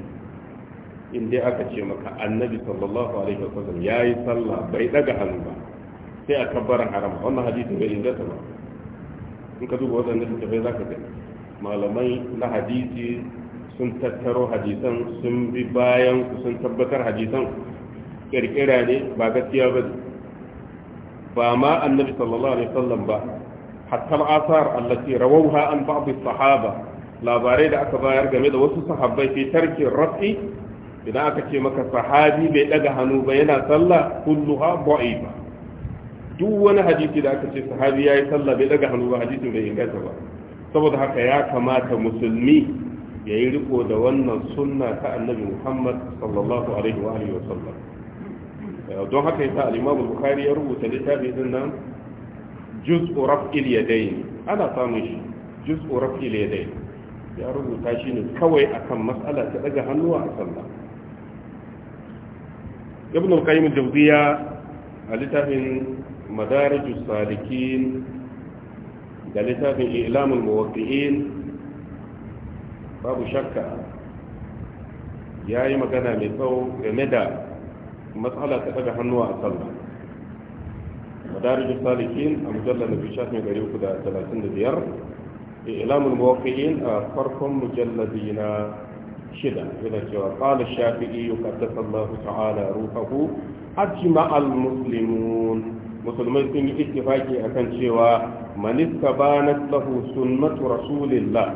in dai aka ce maka annabi sallallahu alaihi wasallam yayi sallah bai daga hannu ba sai a kabbaran harama wannan hadisi bai inganta ba in ka duba waɗanda suka bai zaka gani malamai na hadisi sun tattaro hadisan sun bi bayan sun tabbatar hadisan kirkira ne ba gaskiya ba ba ma annabi sallallahu alaihi wasallam ba hatta al'asar allati rawauha an ba'd sahaba labarai da aka bayar game da wasu sahabbai fi tarkin raf'i idan aka ce maka sahabi bai daga hannu ba yana sallah kulluha da'ifa duk wani hadisi da aka ce sahabi yayi sallah bai daga hannu ba hadisin bai inganta ba saboda haka ya kamata musulmi ya yi riko da wannan sunna ta annabi muhammad sallallahu alaihi wa sallam don haka yasa al-imam bukhari ya rubuta littafin nan juz'u raf'il yadayn ana samun shi juz'u raf'il yadayn ya rubuta shi ne kawai akan matsala ta daga hannuwa a sallah ibn al-qayyim al-jawziya a littafin madarijus salikin da littafin ilamul muwaqqi'in babu shakka ya yi magana mai tsawo game da matsala ta daga hannuwa a sallah مدارج الصالحين مجلد في شهر غريب كذا 30 ديار إعلام الموقعين فرق مجلدين شدة إلى قال الشافعي قدس الله تعالى روحه أجمع المسلمون مسلمين في اتفاقي أكن شوا من استبانت له سنة رسول الله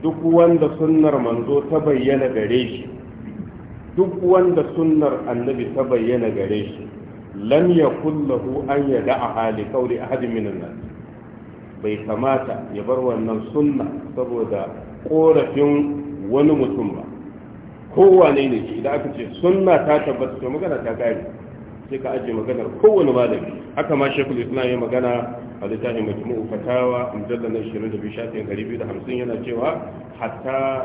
duk wanda sunnar manzo ta bayyana gare shi duk wanda sunnar annabi ta bayyana gare shi lam yakun lahu an a hali qawli ahad minan nas bai kamata ya bar wannan sunna saboda korafin wani mutum ba kowane ne shi idan aka ce sunna ta tabbata to magana ta gari sai ka ajiye maganar kowane malami haka ma shekul islam ya magana a littafin majmu'u fatawa mujallal 22 shafin 250 yana cewa hatta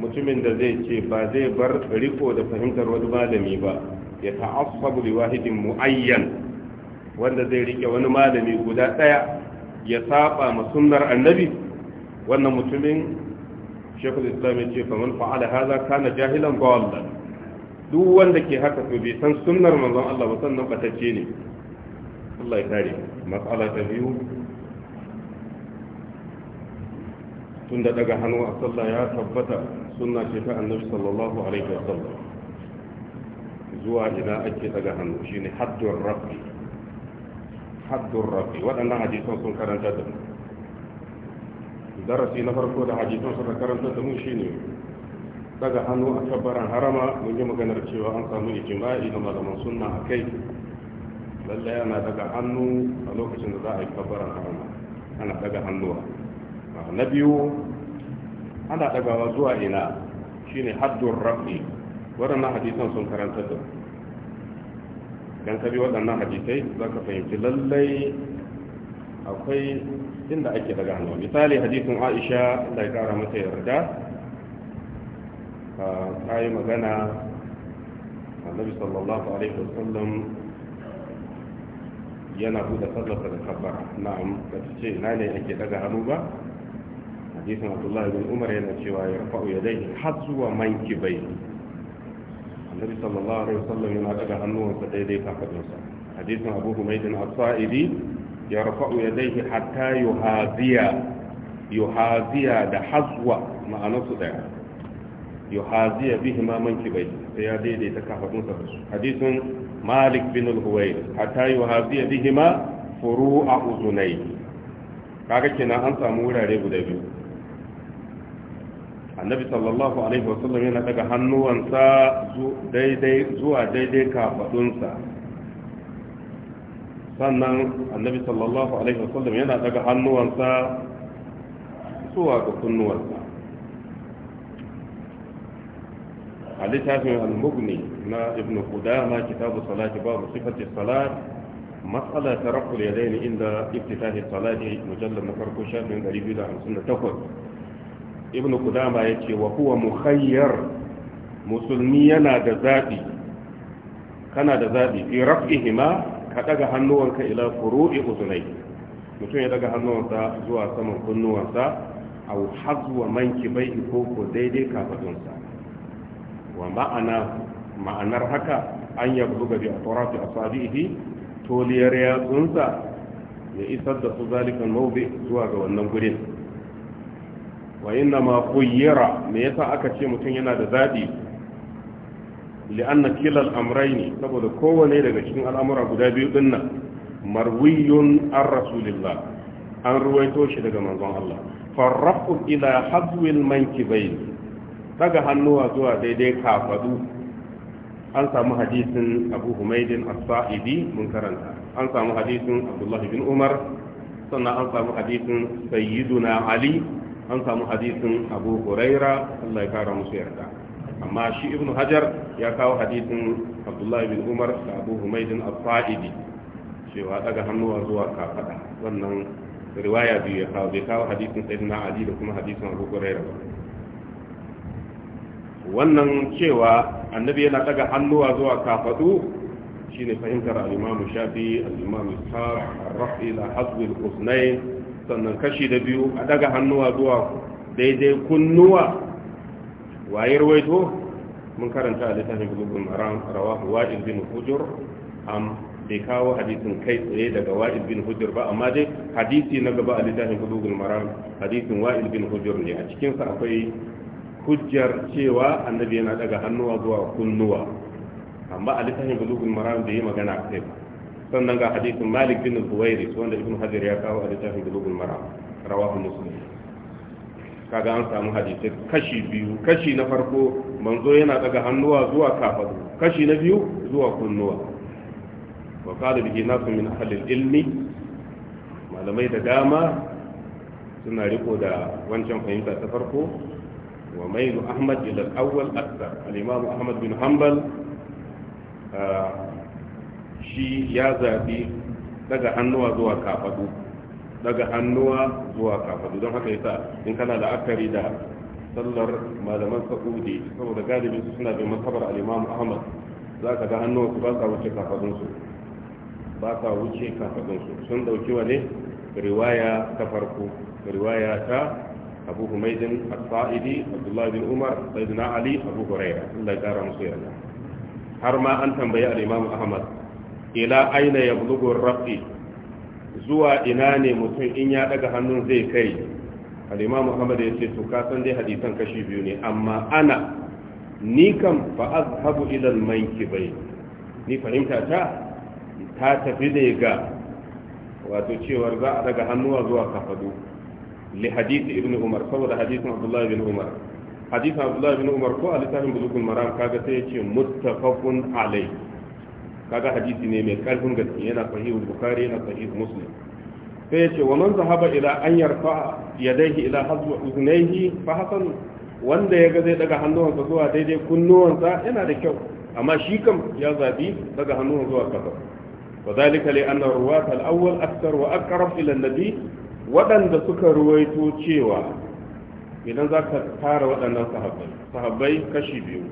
mutumin da zai ce ba zai bar riko da fahimtar wani malami ba ya ta'assabu li wahidin muayyan wanda zai rike wani malami guda daya ya saba ma sunnar annabi wannan mutumin shekul islam ya ce faman fa'ala hadha kana jahilan dawalla duk wanda ke haka to bai san sunnar manzon Allah ba sannan batacce ne Allah ya kare mas'ala ta biyu tunda daga hannu a sallah ya tabbata sunna ce ta annabi sallallahu alaihi wasallam zuwa ina ake daga hannu shine haddun rafi haddun rafi waɗannan hadisan sun karanta da mu darasi na farko da hadisan suka karanta da mu shine daga hannu a tabbaran harama mun yi maganar cewa an samu ijima'i na malaman sunna a kai lallai ana daga hannu a lokacin da za a yi tabbaran harama ana daga hannuwa na biyu ana dagawa zuwa ina shine haddun rafi waɗannan hadisan sun karanta da don ka bi waɗannan hadisai za ka fahimci lallai akwai inda ake daga hannu misali hadisin aisha da ya ƙara mata yarda ta yi magana annabi sallallahu alaihi wasallam yana buɗe sallarsa da kabbara na'am da ta ce ina ne ake daga hannu ba hadisin abdullahi bin umar yana cewa ya rafa'u ya dai har zuwa manki bai annabi sallallahu alaihi wasallam yana daga hannuwansa daidai kan kafadinsa hadisin abu humaydin as-sa'idi ya rafa'u yadayhi hatta yuhaziya yuhaziya da hazwa ma'anarsu daya yuhaziya bihi ma manki bai sai ya daidaita kafadinsa da su hadisin malik bin al-huwayl hatta yuhaziya bihi ma furu'a uzunai kaga kenan an samu wurare guda biyu annabi sallallahu alaihi wasallam yana daga hannuwansa daidai zuwa daidai kafadunsa sannan annabi sallallahu alaihi wasallam yana daga hannuwansa zuwa ga kunnuwansa a littafin al-mughni na ibn qudama kitabu salati babu sifati salat matsala ta rakul yadaini inda iftitahi salati mujallal na farko shafin 258 ibn kudama ya ce wa huwa mukhayyar musulmi yana da zaɓi kana da zaɓi fi raf'ihima ka daga hannuwanka ila furu'i uzunai mutum ya daga hannuwansa zuwa saman kunnuwansa aw manki mankibai ko ko daidai kafadunsa wa ma'ana ma'anar haka an yabluga bi atrafi asabihi toliyar yatsunsa ya isar da su zalikan mawdi zuwa ga wannan gurin wa inna ma khuyyira me yasa aka ce mutum yana da zaɓi li'anna kilal ne saboda kowane daga cikin al'amura guda biyu din nan marwiyun an rasulillah an ruwaito shi daga manzon Allah farrafu ila hazwil mankibain daga hannuwa zuwa daidai kafadu an samu hadisin abu humaydin as-sa'idi mun karanta an samu hadisin abdullahi bin umar sannan an samu hadisin sayyiduna ali an samu hadisin abu huraira allah ya kara musu yarda amma shi ibn hajar ya kawo hadisin abdullahi bin umar da abu humaidin al-fa'idi cewa daga hannuwa zuwa kafada wannan riwaya biyu ya kawo bai kawo hadisin sayyidina ali da kuma hadisin abu huraira ba wannan cewa annabi yana daga hannuwa zuwa kafadu shine fahimtar al-imam shafi al-imam ishaq ar-rafi ila hasb al-usnayn sannan kashi da biyu a daga hannuwa zuwa daidai kunnuwa wayar waito mun karanta a littafin gulubin rawa wa'il bin hujur am bai kawo hadisin kai tsaye daga wa'il bin hujur ba amma dai hadisi na gaba a littafin gulubin maram hadisin wa'il bin hujur ne a cikinsa akwai hujjar cewa annabi yana daga hannuwa zuwa kunnuwa amma a littafin gulubin maram bai yi magana kai ba sannan ga hadisin malik bin huwairi wanda ibn hajar ya kawo a littafin bulugul maram rawahu muslim kaga an samu hadisai kashi biyu kashi na farko manzo yana daga hannuwa zuwa kafadu kashi na biyu zuwa kunnuwa wa qala bihi nasu min ilmi malamai da dama suna riko da wancan fahimta ta farko wa mailu ahmad ila al-awwal akthar al-imam ahmad bin hanbal shi ya zaɓi daga hannuwa zuwa kafadu daga hannuwa zuwa kafadu don haka yasa in kana la'akari da sallar malaman sa'udi saboda galibi su suna bin masabar al'imamu ahmad za ka ga hannuwa su ba sa wuce kafadunsu ba sa wuce kafadunsu sun ɗauki wa riwaya ta farko riwaya ta abu humaidin asa'idi abdullahi bin umar sayyidina ali abu huraira allah ya kara musu yarda har ma an tambayi al'imamu ahmad ila aina ya bulugun rafi zuwa ina ne mutum in ya daga hannun zai kai Halima muhammad ya ce to kasan dai hadisan kashi biyu ne amma ana ni kam fa azhabu idan al-mankibai ni fahimta ta ta tafi ne ga wato cewar za a daga hannuwa zuwa kafadu li hadisi ibn umar saboda hadisin abdullahi bin umar hadisin abdullahi bin umar ko a littafin bulugul maram kaga sai ya ce muttafaqun alayhi kaga hadisi ne mai karfin gaske yana sahih bukari yana sahih muslim sai yace wa man zahaba ila an yarfa yadayhi ila hazwa uznayhi fa hasan wanda yaga zai daga hannuwansa zuwa daidai kunnuwansa yana da kyau amma shi kam ya zabi daga hannuwan zuwa kasa وذلك لأن الرواة الأول أكثر وأقرب إلى النبي waɗanda suka ruwaito cewa idan za ka tara waɗannan sahabbai sahabbai kashi biyu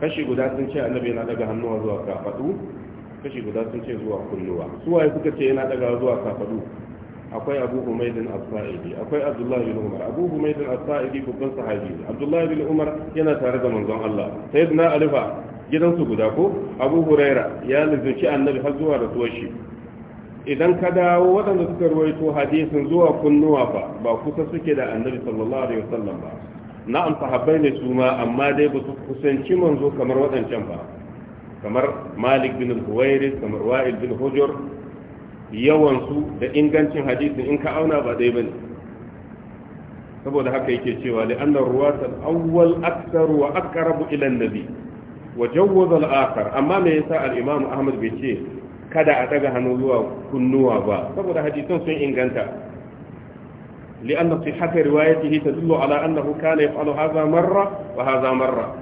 kashi guda sun ce annabi yana daga hannuwa zuwa kafadu kashi guda sun ce zuwa kulluwa suwaye suka ce yana daga zuwa kafadu akwai abu humaydin as-sa'idi akwai abdullahi bin umar abu humaydin asfa'idi saidi babban sahabi abdullahi bin umar yana tare da manzon Allah sayyidina alifa gidansu guda ko abu huraira ya lizinci annabi har zuwa rasuwar shi idan ka dawo waɗanda suka ruwaito hadisin zuwa kunnuwa ba ba kusa suke da annabi sallallahu alaihi wasallam ba na'am sahabbai ne su ma amma dai ba su kusanci manzo kamar wadancan ba kamar malik bin huwairis kamar wa'il bin hujur yawansu da ingancin hadisin in ka auna ba dai bane saboda haka yake cewa li annar ruwat al-awwal wa aqrabu ila an-nabi wa jawwaz al-akhar amma me yasa al-imam ahmad bai ce kada a daga hannu zuwa kunnuwa ba saboda hadisin sun inganta لأن صحة روايته تدل على أنه كان يفعل هذا مرة وهذا مرة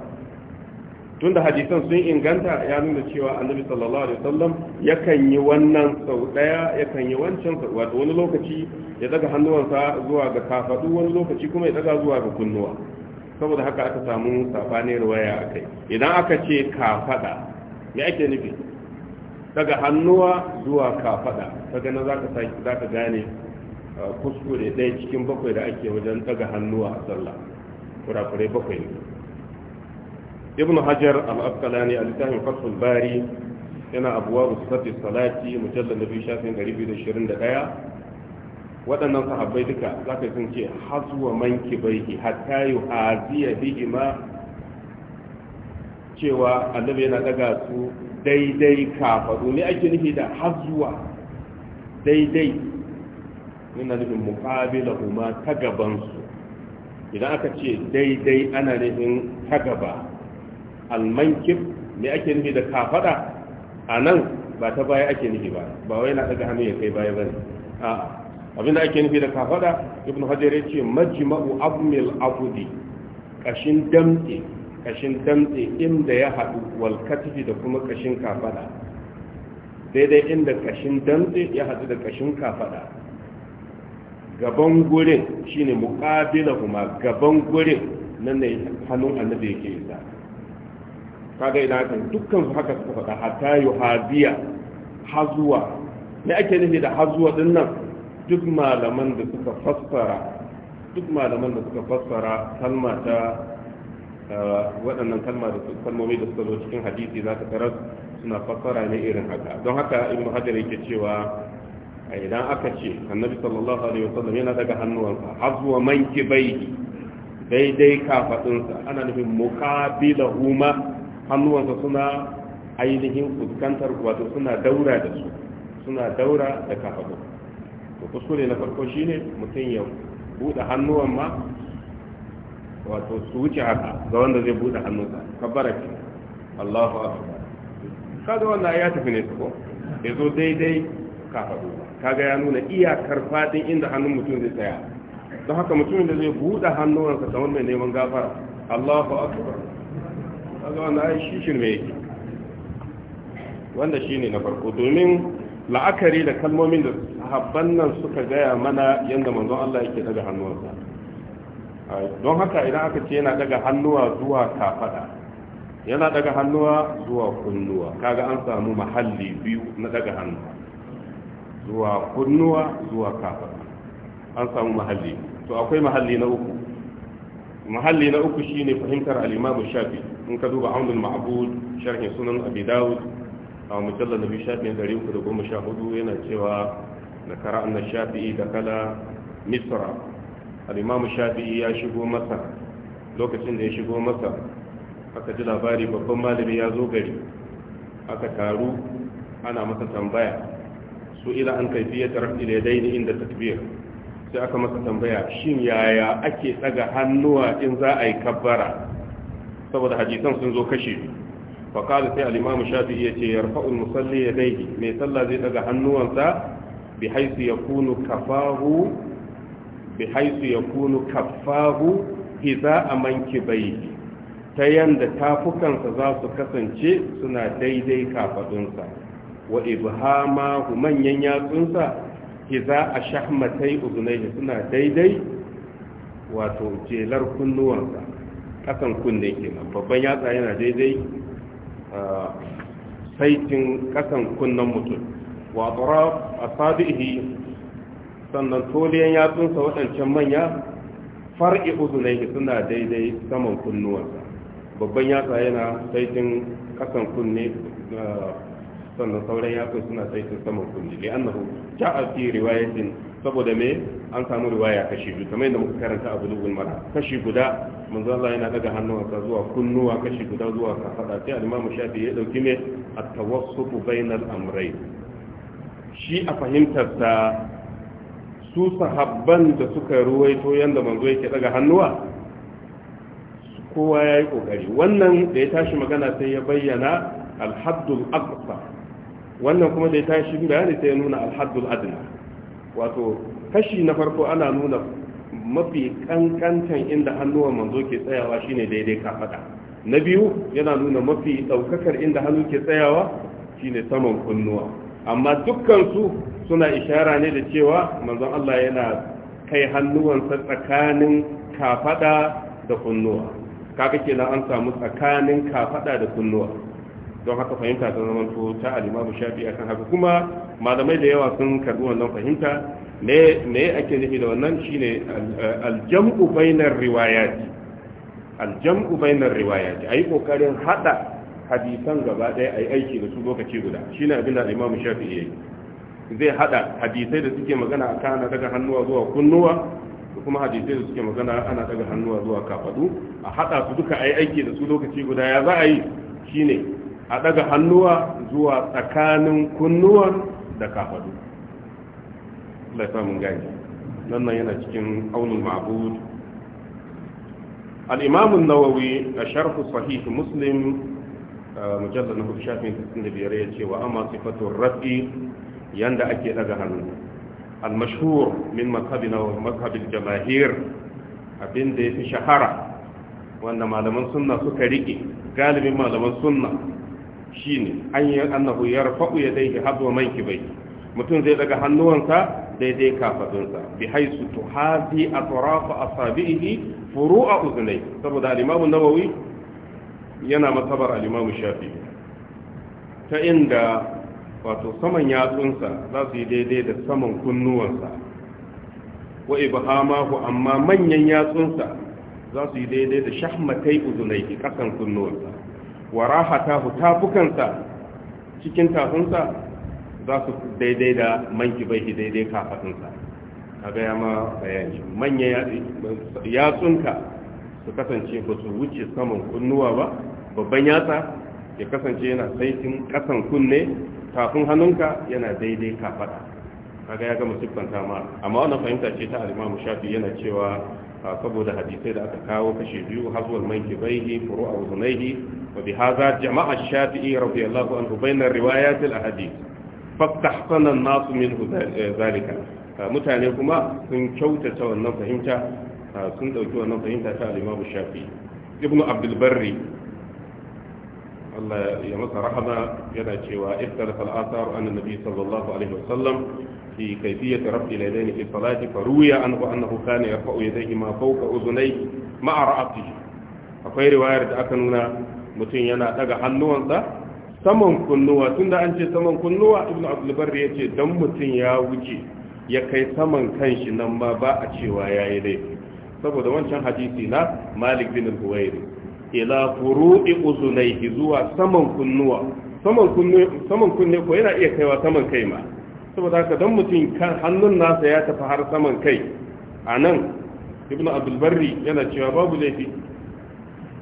tun da hadisan sun inganta ya nuna cewa annabi sallallahu alaihi wasallam yakan yi wannan sau daya yakan yi wancan wato wani lokaci ya daga hannuwansa zuwa ga kafadu wani lokaci kuma ya daga zuwa ga kunnuwa saboda haka aka samu sabanin riwaya akai idan aka ce kafada me ake nufi daga hannuwa zuwa kafada kaga na zaka zaka gane kuskure ɗaya cikin bakwai da ake wajen daga hannuwa a sallah kurakure bakwai ne ibn hajar al ne a littafin fasul bari yana abuwa rusufati salati mujallar na biyu shafin ɗaya. waɗannan sahabbai duka za ka sun ce hasuwa manki baiki hatta yi haziya bihi ma cewa annabi yana daga su daidai kafaɗu ne ake nufi da hazuwa daidai yana nufin muƙabila, kuma ta gabansu. idan aka ce daidai ana nufin ta gaba almankib me ake nufi da kafada a nan ba ta baya ake nufi ba ba wai na daga hannu ya kai baya bane a'a abin da ake nufi da kafada ibnu hajar ya ce majma'u abmil abudi kashin damtse kashin damtse inda ya haɗu wal katifi da kuma kashin kafada daidai inda kashin damtse ya haɗu da kashin kafada gaban gurin shine muqabila kuma gaban gurin nan ne hannun annabi yake isa kaga ina kan dukkan su haka suka faɗa hatta yuhadiya hazuwa me ake nufi da hazuwa din nan duk malaman da suka fassara duk malaman da suka fassara kalma ta eh, waɗannan kalma da kalmomi da suka zo cikin hadisi za ka tarar suna fassara ne irin haka don haka ibn hajar yake cewa idan aka ce annabi sallallahu alaihi wasallam yana daga hannuwansa har zuwa manki bai daidai kafadinsa ana nufin mukabila huma hannuwansa suna ainihin fuskantar wato suna daura da su suna daura da kafadin to kuskure na farko shine mutum ya bude hannuwan ma wato su wuce haka ga wanda zai bude hannunsa kabbara ki Allahu akbar kaga wannan ya tafi ne ko ya zo daidai kafadu kaga ya nuna iyakar fadin inda hannun mutum zai tsaya don haka mutumin da zai buɗe hannuwansa kamar mai neman gafara Allahu akbar kaga wannan ai shishin shirme yake wanda shine na farko domin la'akari da kalmomin da sahabban nan suka gaya mana yanda manzon Allah yake daga hannuwansa don haka idan aka ce yana daga hannuwa zuwa kafada yana daga hannuwa zuwa kunnuwa kaga an samu mahalli biyu na daga hannuwa zuwa kunnuwa zuwa kafa an samu mahalli to akwai mahalli na uku mahalli na uku shine fahimtar al-imam shafi in ka duba aunul ma'bud sharhin sunan abi dawud a mujallal nabi shafi 314 yana cewa da kara anna shafi da kala misra al-imam shafi ya shigo masa lokacin da ya shigo masa aka ji labari babban malami ya zo gari aka taru ana masa tambaya su ila an kaifiyar rafi daina inda takbir sai aka masa tambaya shin yaya ake daga hannuwa in za a yi kabbara saboda Hadizan sun zo kashe fa kada sai al-imam shafi'i yace yarfa'u musalli yadayhi mai sallah zai daga hannuwansa bi haisu yakunu kafahu bi haisu yakunu kafahu hiza'a mankibaihi ta yanda tafukansa za su kasance suna daidai kafadunsa wa ibhama manyan yatsunsa za a shahmatai uzunai suna daidai wato jelar kunnuwansa kasan kunne nan babban yatsa yana daidai saitin kasan kunnen mutum wa a asabihi sannan toliyan yatsunsa waɗancan manya far'i uzunai suna daidai saman kunnuwansa babban yatsa yana saitin kasan kunne sannan sauran kai suna saitin saman kunni li'annahu ja'a fi riwayatin saboda me an samu riwaya kashi biyu kamar yadda muka karanta a bulugul mara kashi guda manzo Allah yana daga hannuwansa zuwa kunnuwa kashi guda zuwa kafada sai al-Imam Shafi'i ya dauki me at-tawassut bainal amrayn shi a fahimtar ta su sahabban da suka ruwaito yanda manzo yake daga hannuwa kowa ya yi ƙoƙari wannan da ya tashi magana sai ya bayyana alhaddul aqsa wannan kuma dai ya tashi bayani sai nuna alhaddul adna wato kashi na farko ana nuna mafi kankantan inda hannuwan manzo ke tsayawa shine daidai fada na biyu yana nuna mafi daukakar inda hannu ke tsayawa shine saman kunnuwa amma dukkan su suna ishara ne da cewa manzon Allah yana kai hannuwansa tsakanin kafada da kunnuwa kaga kenan an samu tsakanin kafada da kunnuwa don haka fahimta ta zama to ta mu shafi akan haka kuma malamai da yawa sun karbi wannan fahimta me ake nufi da wannan shine aljam'u bainar riwayati aljam'u bainar riwayati ayi kokarin hada hadisan gaba daya ayi aiki da su lokaci guda shine abin da imamu shafi yayi zai hada hadisai da suke magana akan ana daga hannuwa zuwa kunnuwa da kuma hadisai da suke magana ana daga hannuwa zuwa kafadu a hada su duka ayi aiki da su lokaci guda ya za a yi shine a daga hannuwa zuwa tsakanin kunnuwan da kafadu laifa mun gani nan nan yana cikin aunin ma'bud al nawawi a sharh sahih muslim mujallar na shafin biyar ya ce wa amma sifatu rafi yanda ake daga hannu al-mashhur min mazhabina wa mazhab al-jamaahir ya yafi shahara wanda malaman sunna suka rike galibin malaman sunna shine an yi annahu yarfa'u yadayhi hadwa kibai mutum zai daga hannuwansa daidai kafadunsa bi haisu tuhazi atrafu asabihi furu'a uzunai saboda al an nawawi yana masabar al imam shafi'i ta inda wato saman yatsunsa za su yi daidai da saman kunnuwansa wa ibhamahu amma manyan yatsunsa za su yi daidai da shahmatai uzunai kasan kunnuwansa wa rahatahu tafukansa cikin tafinsa za su daidai da manki bai daidai kafatunsa kaga ya ma bayani manya yatsunka su kasance ba su wuce saman kunnuwa ba babban yatsa ya kasance yana saitin kasan kunne tafin hannunka yana daidai kafata kaga ya ga siffanta ma amma wannan fahimta ce ta alimamu shafi yana cewa saboda hadisai da aka kawo kashe biyu hazwal manki baihi furu a uzunaihi wa bi haza jama'a shafi'i radiyallahu anhu bainar riwayat al-ahadith fastahsana an-nas eh, zalika ah, mutane kuma sun kyautata wannan fahimta ah, sun dauki wannan fahimta ta al-imam shafi'i ibnu abdul barri Allah ya masa rahama yana cewa iftar al'asar an nabi sallallahu alaihi wasallam fi kayfiyyat rafi yadayni fi salati fa ruwiya anhu annahu kana yarfa'u yadayhi ma fawqa uzunayhi ma'a ra'atihi akwai riwayar da aka nuna mutum yana daga hannuwansa saman kunnuwa tunda an ce saman kunnuwa ibnu abdul barri yace dan mutum ya wuce ya kai saman kanshi nan ma ba a cewa yayi dai saboda wancan hadisi na malik bin al-huwairi ila furu'i uzunaihi zuwa saman kunnuwa saman kunne saman kunne ko yana iya kaiwa saman kai ma saboda haka dan mutum kan hannun nasa ya tafi har saman kai anan ibnu abdul barri yana cewa babu laifi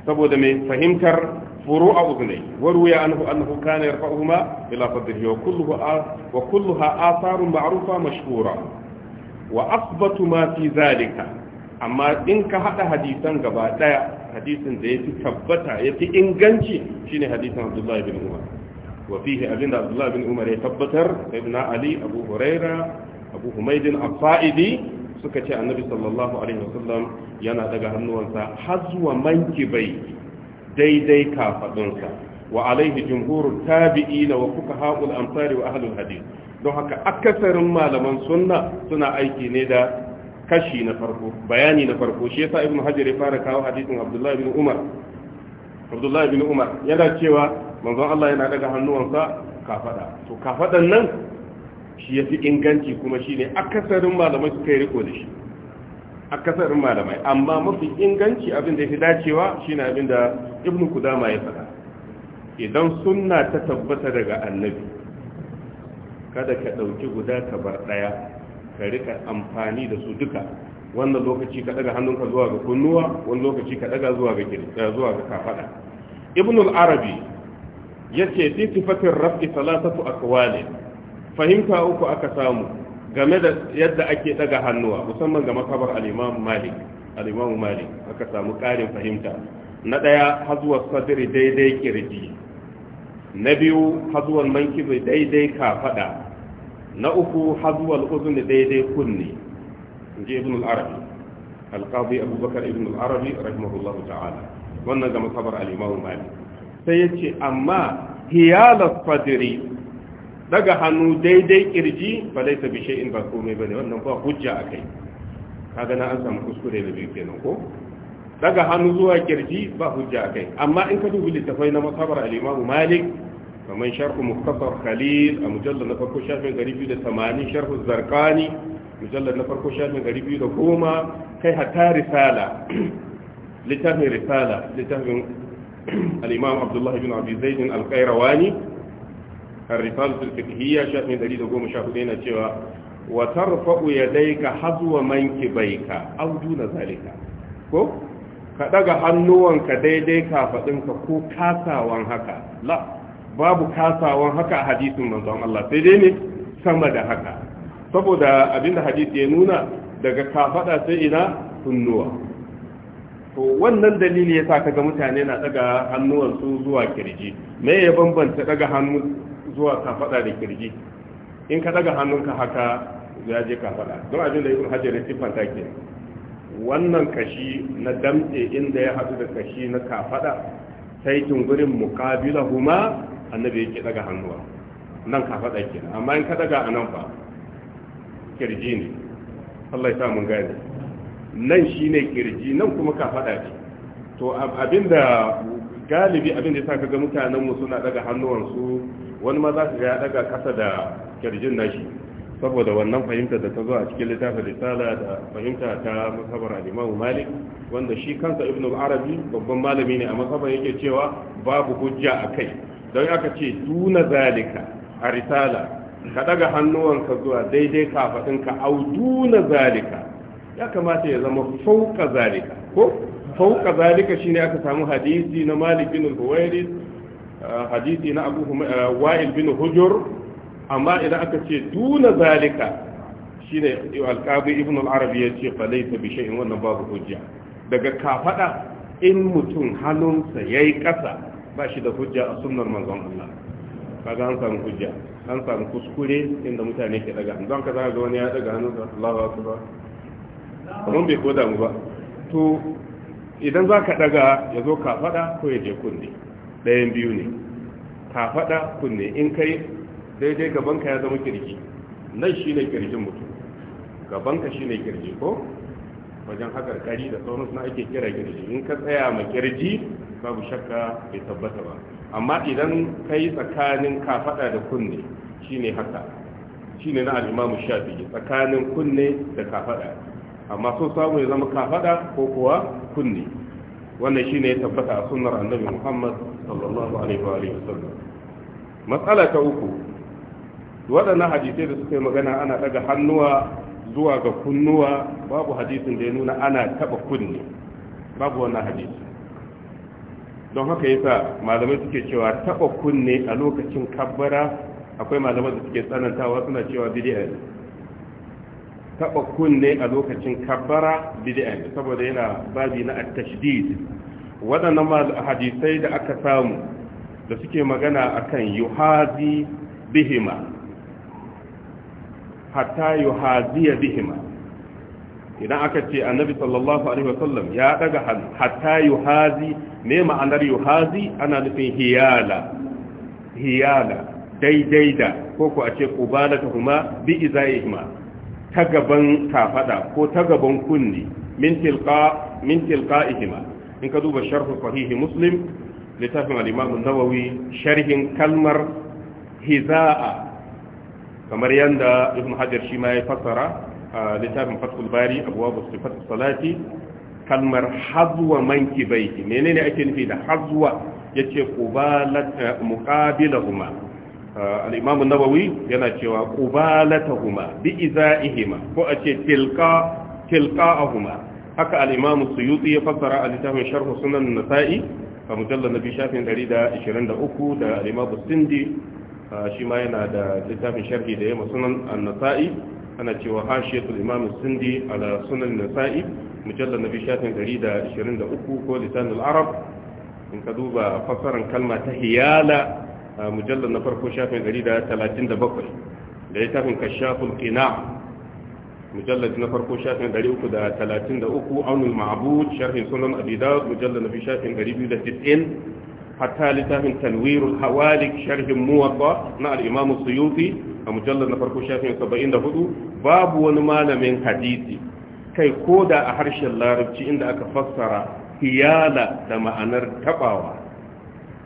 saboda mai fahimtar furu'a uzunai waruya anhu annahu kana yarfa'uhuma ila fadlihi wa kulluha wa kulluha atharun ma'rufa mashhura wa asbatu ma fi zalika amma in ka haɗa hadisan gaba ɗaya hadisin da yafi tabbata yafi inganci shine hadisin Abdullahi bin Umar wa fihi abinda Abdullahi bin Umar ya tabbatar ibn Ali Abu Huraira Abu Humayd al suka ce annabi sallallahu alaihi wasallam yana daga hannuwansa har manki bai daidai kafadunsa wa alaihi jumhurul tabi'ina wa fuqaha'ul amsari wa ahlul hadis don haka akasarin malaman sunna suna aiki ne da kashi na farko bayani na farko shi yasa ibnu hajar ya fara kawo hadisin Abdullahi ibn umar Abdullahi ibn umar yana cewa manzon Allah yana daga hannuwansa kafada to kafadan nan shi yafi inganci kuma shine akasarin malamai suka yi riko da shi akasarin malamai amma mafi inganci abin da yafi dacewa shine abin da Ibn kudama ya faɗa idan sunna ta tabbata daga annabi kada ka ɗauki guda ka bar daya ka rika amfani da su duka wannan lokaci ka daga hannunka zuwa ga kunnuwa wani lokaci ka daga zuwa ga eh, zuwa ga kafada ibn al-arabi yace fi sifatir raf'i salatatu aqwali fahimta uku aka samu game da yadda ake daga hannuwa musamman ga makabar al-imam malik al-imam malik aka samu karin fahimta na daya hazuwar sadri daidai kirji na biyu hazuwar mankibi daidai kafada na uku hazuwal uzun daidai kunni inji ibn al-arabi al-qadi abubakar ibn al-arabi rahimahullahu ta'ala wannan ga masabar al-imam malik sai yace amma hiyala fadri daga hannu daidai kirji ba laita bi shay'in ba komai bane wannan ba hujja akai kaga na an samu kuskure da biyu kenan ko daga hannu zuwa kirji ba hujja akai amma in ka dubi littafai na masabar al-imam malik kamar sharhu muktasar khalil a mujallar na farko shafin gari biyu da 280 sharhu zarkani mujallar na farko shafin gari biyu da goma kai hatta risala littafin risala littafin al-imam abdullah ibn abi zaid al shafin gari da goma دليل قوم شاهدين cewa dai ka وترفع يديك bai ka audu na zalika ko ka daga hannuwanka daidai kafadinka ko kasawan haka la babu kasawan haka a hadisin manzon Allah sai dai ne sama da haka saboda abinda hadisi ya nuna daga kafada sai ina kunnuwa to wannan dalili yasa kaga mutane na daga hannuwansu zuwa kirji me ya bambanta daga hannu zuwa kafada da kirji in ka daga hannunka haka ya je kafada don abin da ibn hajar ya siffanta ke wannan kashi na damtse inda ya hadu da kashi na kafada sai tungurin muqabilahuma annabi yake daga hannuwa nan ka faɗa ke amma in ka daga a nan fa kirji ne Allah ya sa mun gane nan ne kirji nan kuma ka faɗa ce to abinda galibi abinda sa ka mutanen mu suna daga hannuwansu wani ma za su ga daga kasa da kirjin nashi saboda wannan fahimta da ta zo a cikin littafin risala da fahimta ta masabar al malik wanda shi kansa ibn arabi babban malami ne a masabar yake cewa babu hujja a kai don aka ce duna zalika a risala ka daga hannuwanka zuwa daidai kafaɗinka au duna zalika ya kamata ya zama fauka zalika ko fauka zalika shine aka samu hadisi na malik bin huwairis ah, hadisi na abu ah, wa'il bin hujur amma idan aka ce duna zalika shine alqabi ibn al-arabi ce fa laysa bi wannan babu hujja daga kafada in mutum hannunsa yi kasa ba shi da hujja a sunnar manzon Allah ga an samu hujja an samu kuskure inda mutane ke daga don ka zaga wani ya daga hannun Allahu akbar amma bai koda mu ba to idan za ka daga ya zo ka fada ko ya je kunne ɗayan biyu ne ka fada kunne in kai daidai ka ya zama kirji nan shi ne kirjin mutum ka shi ne kirji ko wajen hakar kari da sauransu na ake kira kirji in ka tsaya ma kirji babu shakka bai tabbata ba amma idan ka yi tsakanin kafada da kunne shine haka shine na al'imamu shafi tsakanin kunne da kafada amma so samu ya zama kafada ko kuwa kunne wannan shine ya tabbata a sunnar annabi muhammad sallallahu alaihi wa sallam matsala ta uku waɗannan hadisai da suka yi magana ana ɗaga hannuwa zuwa ga kunnuwa babu hadisin da ya nuna ana taba kunne babu wannan hadisi don haka yasa malamai suke cewa taba kunne a lokacin kabbara akwai malamai da suke tsanantawa suna cewa bid'a ne taba kunne a lokacin kabbara bid'a ne saboda yana babi na at-tashdid waɗannan hadisai da aka samu da suke magana akan yuhazi bihima hatta yuhaziya bihima idan aka ce annabi sallallahu alaihi wasallam ya daga hannu hatta yuhazi me ma'anar yuhazi ana nufin hiyala hiyala daidai da ko ku a ce qubalatuhuma bi izaihima ta gaban kafada ko ta gaban kunni min tilqa min tilqaihima in ka duba sharh sahih muslim littafin al-imam nawawi sharhin kalmar hiza'a kamar yanda ibn hajar shi ma ya fassara a littafin fatul bari abuwa ba su fatul salati kalmar hazuwa manki bai menene ake nufi da hazuwa yace qubalat eh, muqabilahuma eh, al-imam an-nawawi yana cewa qubalatahuma bi izaihima ko a ce Tilka, Tilka a huma haka al-imam suyuti ya fassara a littafin sharh sunan nasa'i a mujallal nabi shafin 123 da al-imam sindi shi ma yana da littafin sharhi da yamma sunan an-nasa'i ana cewa hashiyatul imam sindi ala sunan nasa'i mujallal nabi shafin 123 ko lisanul arab in ka duba fassarar kalma ta hiyala mujallar na farko shafin 137 da littafin kashaful qina مجلد نفر كو شاف من دريو كدا 33 عون المعبود شرح سنن ابي داود مجلد نبي شاف من دريو كدا 90 hatta littafin tanwirul hawalik sharhin muwatta na al-imam a mujallar na farko shafin 74 babu wani malamin hadisi kai ko da a harshen larabci inda aka fassara hiyala da ma'anar taɓawa.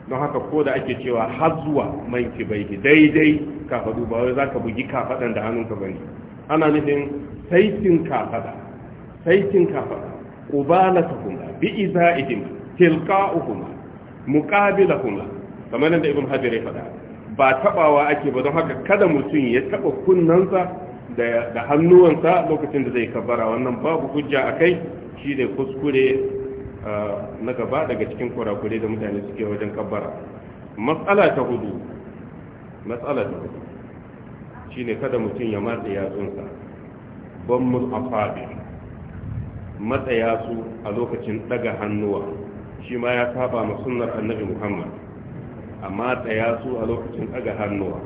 don haka ko da ake cewa hazuwa mai kibaiki daidai kafadu ba wai za ka bugi kafadan da hannunka bane ana nufin saitin kafada saitin tilka muqabilahuma kamar da ibn hajar ya faɗa ba tabawa ake ba don haka kada mutum ya taba kunnansa da da hannuwansa lokacin da zai kabbara wannan babu hujja akai shi ne kuskure na gaba daga cikin kurakure da mutane suke wajen kabbara matsala ta hudu matsala ta hudu shine kada mutum ya matsa yatsunsa ban mu afabi matsa yatsu a lokacin daga hannuwa shi ma ya saba ma sunnar annabi muhammad amma tsaya su a lokacin ɗaga hannuwa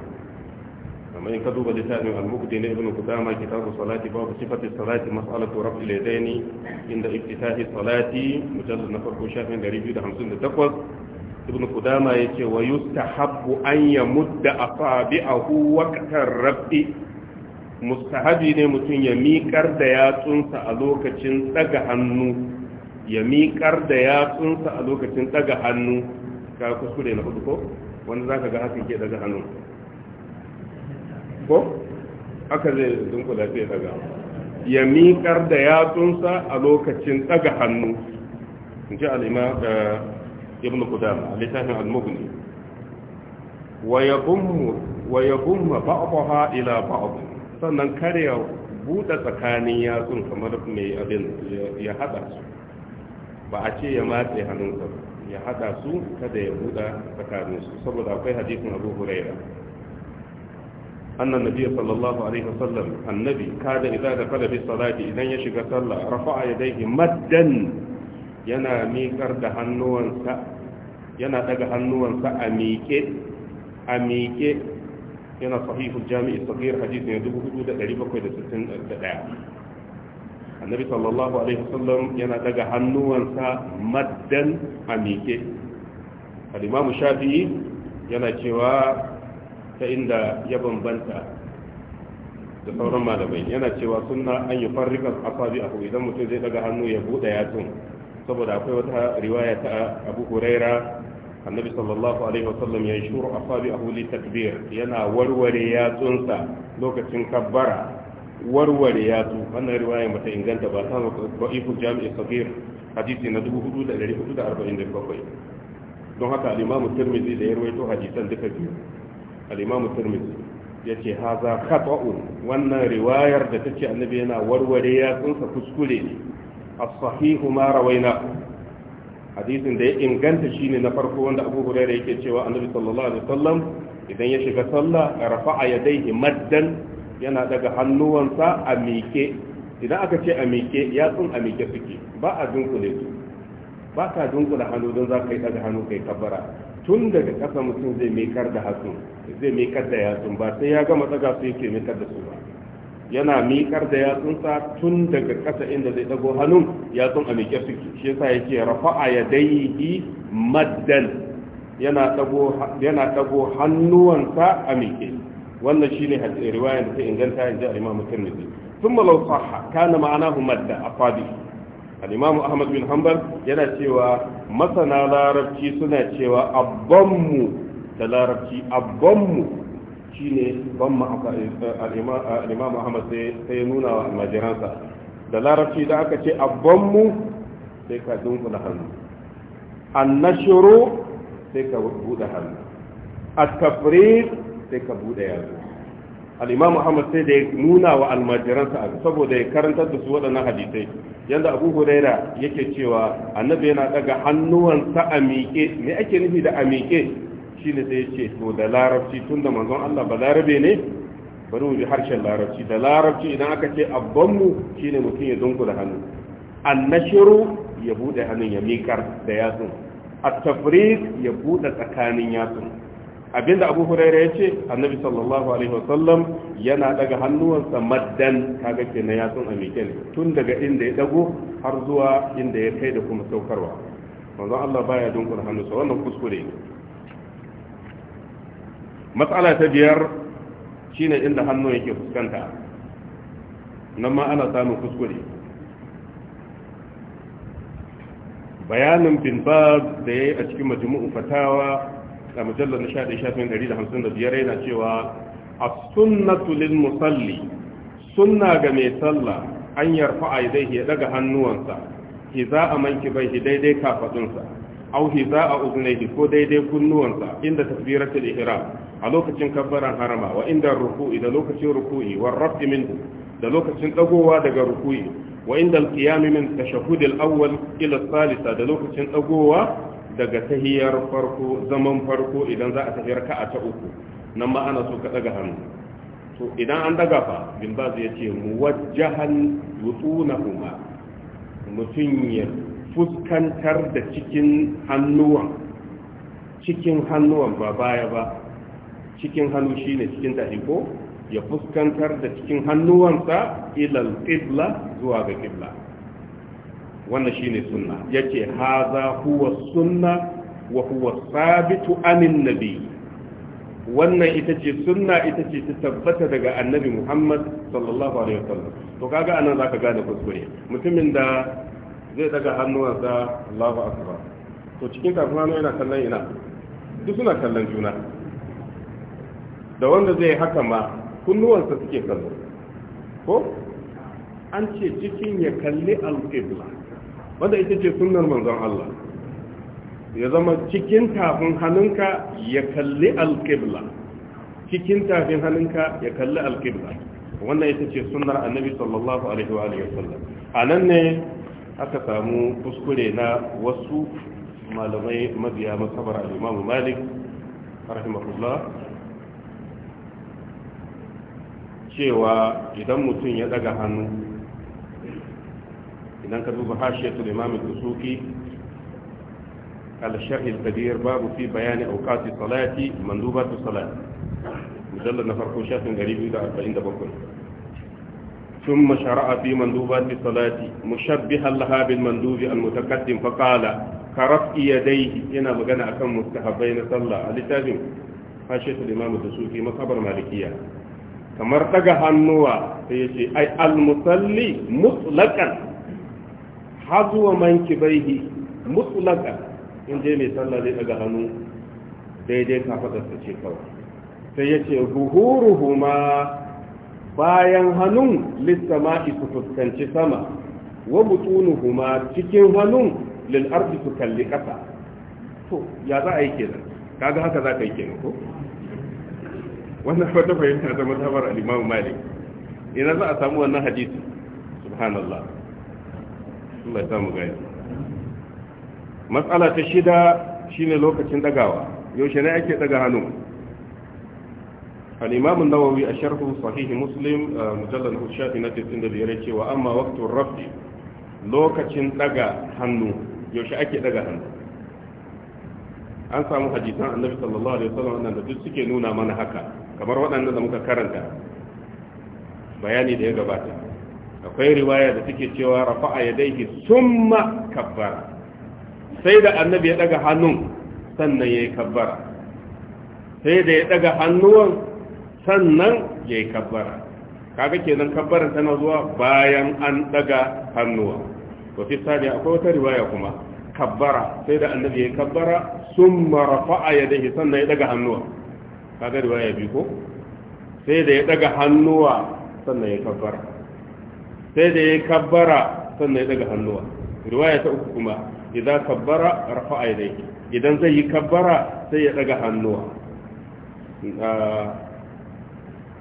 Amma in ka duba littafin al-muqdi na ibnu qudama kitabu salati babu sifati salati mas'alatu rabb al-yadaini inda iftitahi salati mujallad na farko shafin 258 ibnu qudama yace wa yustahabbu an yamudda asabi'ahu waqtar rabbi mustahabi ne mutum ya miƙar da yatsunsa a lokacin daga hannu ya miƙar da yatsunsa a lokacin ɗaga hannu ka kuskure na hudu ko wanda za ka ga hakan ke ɗaga hannu ko haka zai dunkula sai ɗaga ya miƙar da yatsunsa a lokacin ɗaga hannu in ji alima da eh, ibn kudama a littafin al wa ya gumma ba'daha ila ba'd sannan kare ya buɗe tsakanin yatsun kamar mai abin ya haɗa su ba a ce ya matse hannunsa ya hada su kada ya buɗa tsakanin su saboda akwai hadisin abu huraira annan nabi sallallahu alaihi wasallam annabi kada idza dakala bi salati idan ya shiga sallah rafa'a yadayhi maddan yana miƙar da hannuwansa yana daga hannuwansa a miƙe a miƙe yana sahihul jami'i sahih hadisi ne 4761 annabi sallallahu alaihi wasallam yana daga hannuwansa maddan a miƙe al shafi'i yana cewa ta inda ya bambanta da sauran malamai yana cewa sunna an yi farrika asabi a idan mutum zai daga hannu ya buɗe yatsun saboda akwai wata riwaya ta abu huraira annabi sallallahu alaihi wasallam ya shuru asabi a takbir yana warware yatsunsa lokacin kabbara warware ya yatsu wannan riwaya mata inganta ba ta ba ba'ifu jami'i sabir hadisi na 4447 don haka al-imamu tirmidhi da ya rawaito hadisan duka biyu al-imamu tirmidhi yace haza khata'un wannan riwayar da tace annabi yana warware ya yatsunsa kuskure ne as-sahihu ma rawaina hadisin da ya inganta shine na farko wanda Abu Hurairah yake cewa annabi sallallahu alaihi wasallam idan ya shiga sallah rafa'a yadayhi maddan yana daga hannuwansa a miƙe idan aka ce a miƙe yatsun a miƙe suke ba a dunkule su ba ka dunkule hannu don za ka yi daga hannu kai kabbara tun daga ƙasa mutum zai miƙar da hatsun zai miƙar da yatsun ba sai ya gama daga su yake miƙar da su ba yana miƙar da yatsunsa tun daga ƙasa inda zai dago hannun yatsun a miƙe suke shi yasa yake rafa'a ya daihi maddan yana dago hannuwansa a miƙe wannan shine riwayar da ta inganta in ji al-imam tirmidhi thumma law sahha kana ma'anahu madda a al-imam ahmad bin hanbal yana cewa masana larabci suna cewa abbanmu da larabci abbanmu shine bamma al-imam ahmad sai ya nuna wa almajiransa da larabci da aka ce abbanmu sai ka da hannu annashuru sai ka buɗe hannu a tafrid sai ka bude yatsu al-imam Muhammad sai da ya nuna wa almajiransa saboda ya karantar da su waɗannan hadisai yanda Abu Huraira yake cewa annabi yana daga hannuwansa a miƙe me ake nufi da a miƙe shine sai yace to da larabci tunda manzon Allah ba larabe ne bari mu bi harshen larabci da larabci idan aka ce abbanmu shine mutum ya da hannu annashiru ya buɗe hannun ya miƙar da yatsun at-tafriq ya buɗe tsakanin yatsun abinda abu huraira ya ce annabi sallallahu alaihi wasallam yana daga hannuwansa maddan kaga kenan na yatsun a ne tun daga inda ya dago har zuwa inda ya kai da kuma saukarwa manzon Allah baya dunkula hannunsa wannan kuskure ne matsala ta biyar shine inda hannu yake fuskanta nan ma ana samun kuskure bayanin bin da ya yi a cikin majmu'u fatawa a mujallar na 11,155 yana cewa a sunnatulin musalli sunna ga mai sallah an yarfa a ya daga hannuwansa za a manki bai shi daidai kafadunsa au za a uzunaihi ko daidai kunnuwansa inda tasbiratul ihram a lokacin kabbaran harama wa inda ruku'i da lokacin ruku'i wa rafi min da lokacin dagowa daga ruku'i wa inda alqiyam min awwal ila salisa da lokacin dagowa daga tahiyar farko zaman farko idan za a tahiyar a ta uku nan ma ana so ka daga hannu to idan an daga fa bin ba ya ce muwajjahan wutunahuma mutum ya fuskantar da cikin hannuwan cikin hannuwan ba baya ba cikin hannu shine cikin tahi ko ya fuskantar da cikin hannuwansa ilal qibla zuwa ga qibla wannan shine sunna yace haza huwa sunna wa huwa sabitu anin nabi wannan ita ce sunna ita ce ta tabbata daga annabi Muhammad sallallahu alaihi wasallam to kaga anan zaka gane kuskure mutumin da zai daga hannuwansa Allahu akbar to cikin kafin hannu yana kallon ina duk suna kallon juna da wanda zai haka ma kunnuwansa suke kallo ko an ce cikin ya kalli alƙibla wanda ita ce sunnar manzon Allah ya zama cikin tafin hannunka ya kalli alƙibla cikin tafin hannunka ya kalli alƙibla wannan ita ce sunnar annabi sallallahu alaihi wa alihi wasallam a ne aka samu kuskure na wasu malamai mabiya masabar al-Imam Malik rahimahullah cewa idan mutum ya daga hannu idan ka duba hashiyatul imam al-kusuki al-sharh al-kabir babu fi bayani awqati salati mandubatu salati mujallad na farko shafin 247 ثم شرع في مندوبات الصلاة مشبها لها بالمندوب المتقدم فقال كرفع يديه هنا مغنى أكم مستحبين صلى الاتابين حاشية الإمام الدسوكي مصبر مالكية كما ارتقى النوى فيشي أي المصلي مطلقا hazuwa manki yi mutlaka in je mai sallah zai daga hannu daidai kafadarsa ce kawai sai ya ce buhuruhu ma bayan hannun lissama'i su fuskanci sama wa butunuhu ma cikin hannun lil'arfi su kalli ƙasa to ya za a yi kenan kaga haka za ka yi kenan ko wannan wata fahimta ta mazhabar al'imamu malik ina za a samu wannan hadisi subhanallah Allah ya samu gani matsala ta shida shine lokacin dagawa yaushe ne ake daga hannu al-imam an-nawawi a sharhu sahih muslim uh, mujallal shafi na 95 yake cewa amma waqtur rafi lokacin daga hannu yaushe ake daga hannu an samu hadisan annabi sallallahu alaihi wasallam da duk suke nuna mana haka kamar waɗannan da muka karanta bayani da ya gabata akwai riwaya da take cewa rafa'a yadaihi summa kabbara sai da annabi ya daga hannun sannan yayi kabbara sai da ya daga hannuwan sannan yayi kabbara kaga kenan kabbaran tana zuwa bayan an daga hannuwa wa fi sani akwai wata riwaya kuma kabbara sai da annabi ya kabbara summa rafa'a yadaihi sannan ya daga hannuwa kaga riwaya biyu ko sai da ya daga hannuwa sannan ya kabbara sai da ya kabbara sannan ya daga hannuwa riwaya ta uku kuma idan kabbara rafa'a yadayhi idan zai yi kabbara sai ya daga hannuwa ah,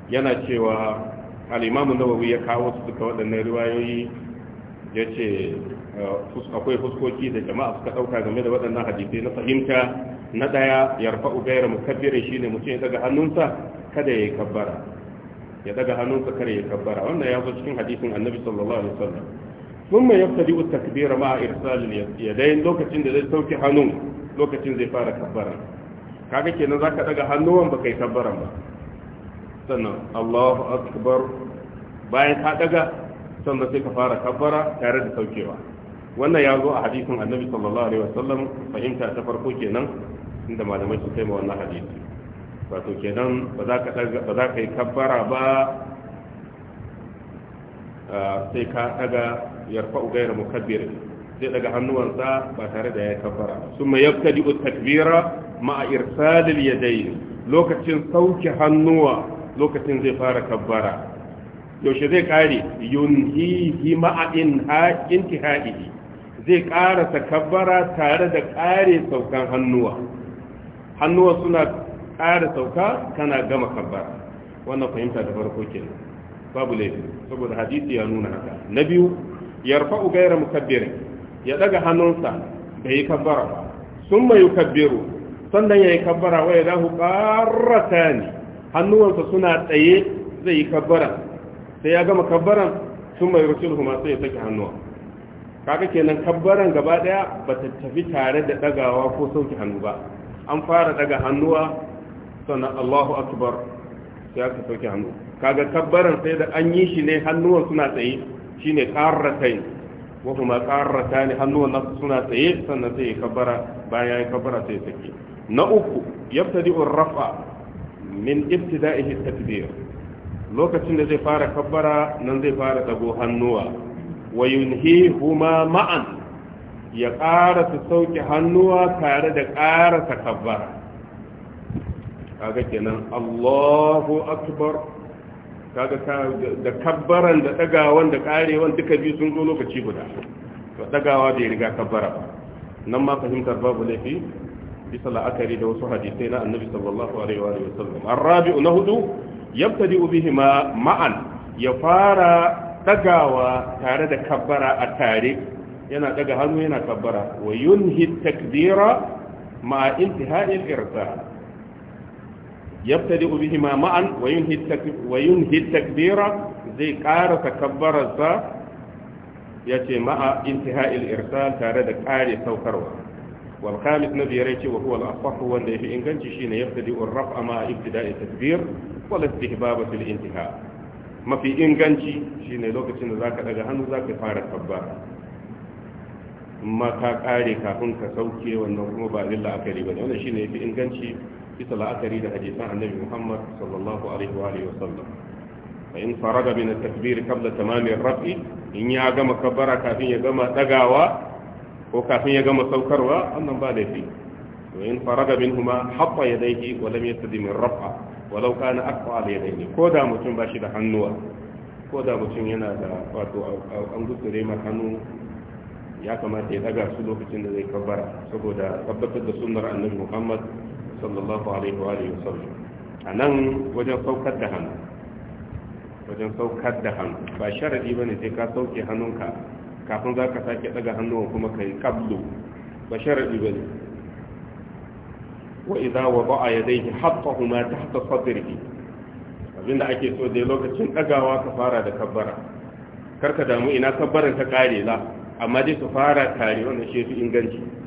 yana cewa Alimamu imamu nawawi ya kawo su duka waɗannan riwayoyi ya ce akwai fuskoki da jama'a suka ɗauka game da waɗannan hadisai na fahimta na ɗaya ya rafa'u gaira mukabbirin ne mutum ya daga hannunsa kada ya yi kabbara ya daga hannunsa kare ya kabbara wannan ya zo cikin hadisin annabi sallallahu alaihi wasallam ثم يبتدئ التكبير مع ya اليدين lokacin da zai sauke hannun lokacin zai fara kabbara kaga kenan zaka daga hannuwan ba kai kabbara ba sannan Allahu akbar bayan ka daga sannan sai ka fara kabbara tare da saukewa wannan ya zo a hadisin annabi sallallahu alaihi wasallam fahimta ta farko kenan inda malamai su kai ma wannan hadisi wato kenan ba za ka yi kabbara ba sai ka daga yarfa ugayar mukabbir sai daga hannuwansa ba tare da ya yi kabbara sun mai yabtadi takbira ma'a irsalil yadayi lokacin sauke hannuwa lokacin zai fara kabbara yaushe zai kare yunhihi ma'a in intihaihi zai ƙara takabbara tare da ƙare saukan hannuwa hannuwa suna ƙara sauka kana gama kabba wannan fahimta da farko kenan babu laifi saboda hadisi ya nuna haka na biyu rufa gaira mukabbirin ya daga hannunsa bai yi kabbara ba sun mai kabbiru sannan ya yi kabbara waya dahu ƙarrata ne hannuwansa suna tsaye zai yi kabbara sai ya gama kabbaran sun mai rufin kuma sai ya saki hannuwa kaga kenan kabbaran gaba daya ba ta tafi tare da dagawa ko sauki hannu ba an fara daga hannuwa sannan Allahu akbar ya ka sauke hannu kaga tabbaran sai da an yi shi ne hannuwan suna tsaye shine qarratain wa kuma qarratani hannuwan nasu suna tsaye sannan sai ya kabbara bayan ya kabbara sai sake na uku yabtadi'u rafa min ibtida'ihi takbir lokacin da zai fara kabbara nan zai fara dago hannuwa wa huma ma'an ya ƙara su sauke hannuwa tare da ƙara ta kabbara kaga kenan Allahu akbar kaga da kabbaran da dagawan da karewan duka biyu sun zo lokaci guda to dagawa bai riga kabbara ba nan ma fahimtar babu laifi bisa la'akari da wasu hadisai na annabi sallallahu alaihi wa sallam arrabi'u na hudu yabtadi bihima ma'an ya fara dagawa tare da kabbara a tare yana daga hannu yana kabbara wa yunhi takbira ma intihai al-irsa yabtadi bihi ma ma'an wa yunhi wa takbira zai ƙara takabbararsa ya ce ma'a intiha'il irsal tare da ƙare saukarwa wal khamis na biyar yace wa huwa al-asah wanda yafi inganci shine yabtadi ar-raf'a ma ibtida'i takbir wal istihbab fil intiha mafi inganci shine lokacin da zaka ɗaga hannu zaka fara kabbara amma ka kare kafin ka sauke wannan kuma ba lilla akari bane wannan shine yafi inganci bisa la'akari da hadisan annabi Muhammad sallallahu alaihi wa alihi wasallam in faraga min at-takbir qabla tamami ar-raf'i in ya gama kabbara kafin ya gama dagawa ko kafin ya gama saukarwa annan ba laifi wa in faraga minhuma hatta yadayhi wa lam yastadim ar-raf'a walau na aqwa ala yadayhi ko da mutum ba shi da hannuwa ko da mutum yana da hannu ya kamata ya daga su lokacin da zai kabbara saboda tabbatar da sunnar annabi Muhammad sallallahu alaihi wa alihi wasallam anan wajen saukar da hannu wajen saukar da hannu ba sharadi bane sai ka sauke hannunka kafin za ka sake daga hannu kuma kai yi ba sharadi bane wa idza wada'a yadayhi hattahuma tahta sadrihi abinda ake so dai lokacin dagawa ka fara da kabbara karka damu ina kabbaran ta kare la amma dai su fara tare wannan shi su inganci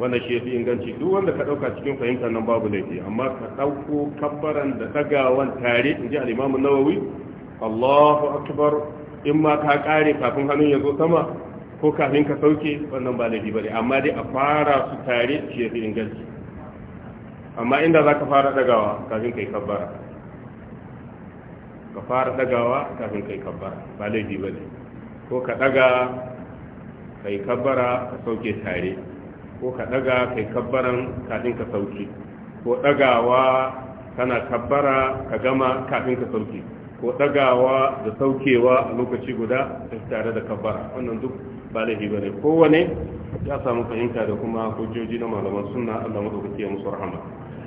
wannan shi fi inganci duk wanda ka dauka cikin fahimta nan babu laifi amma ka dauko kabbaran da tagawan tare inji al-Imam Nawawi Allahu akbar in ma ka kare kafin hannun ya zo sama ko kafin ka sauke wannan ba laifi bane amma dai a fara su tare shi fi inganci amma inda zaka fara dagawa kafin kai kabbara ka fara dagawa kafin kai kabbara ba laifi bane ko ka daga kai kabbara ka sauke tare ko ka daga kai kabbaran kafin ka sauke ko dagawa kana kabbara ka gama kafin ka sauke ko dagawa da saukewa a lokaci guda tare da kabbara wannan duk ba laifi bane kowane ya samu fahimta da kuma hujjoji na malaman sunna Allah madaukake musu rahama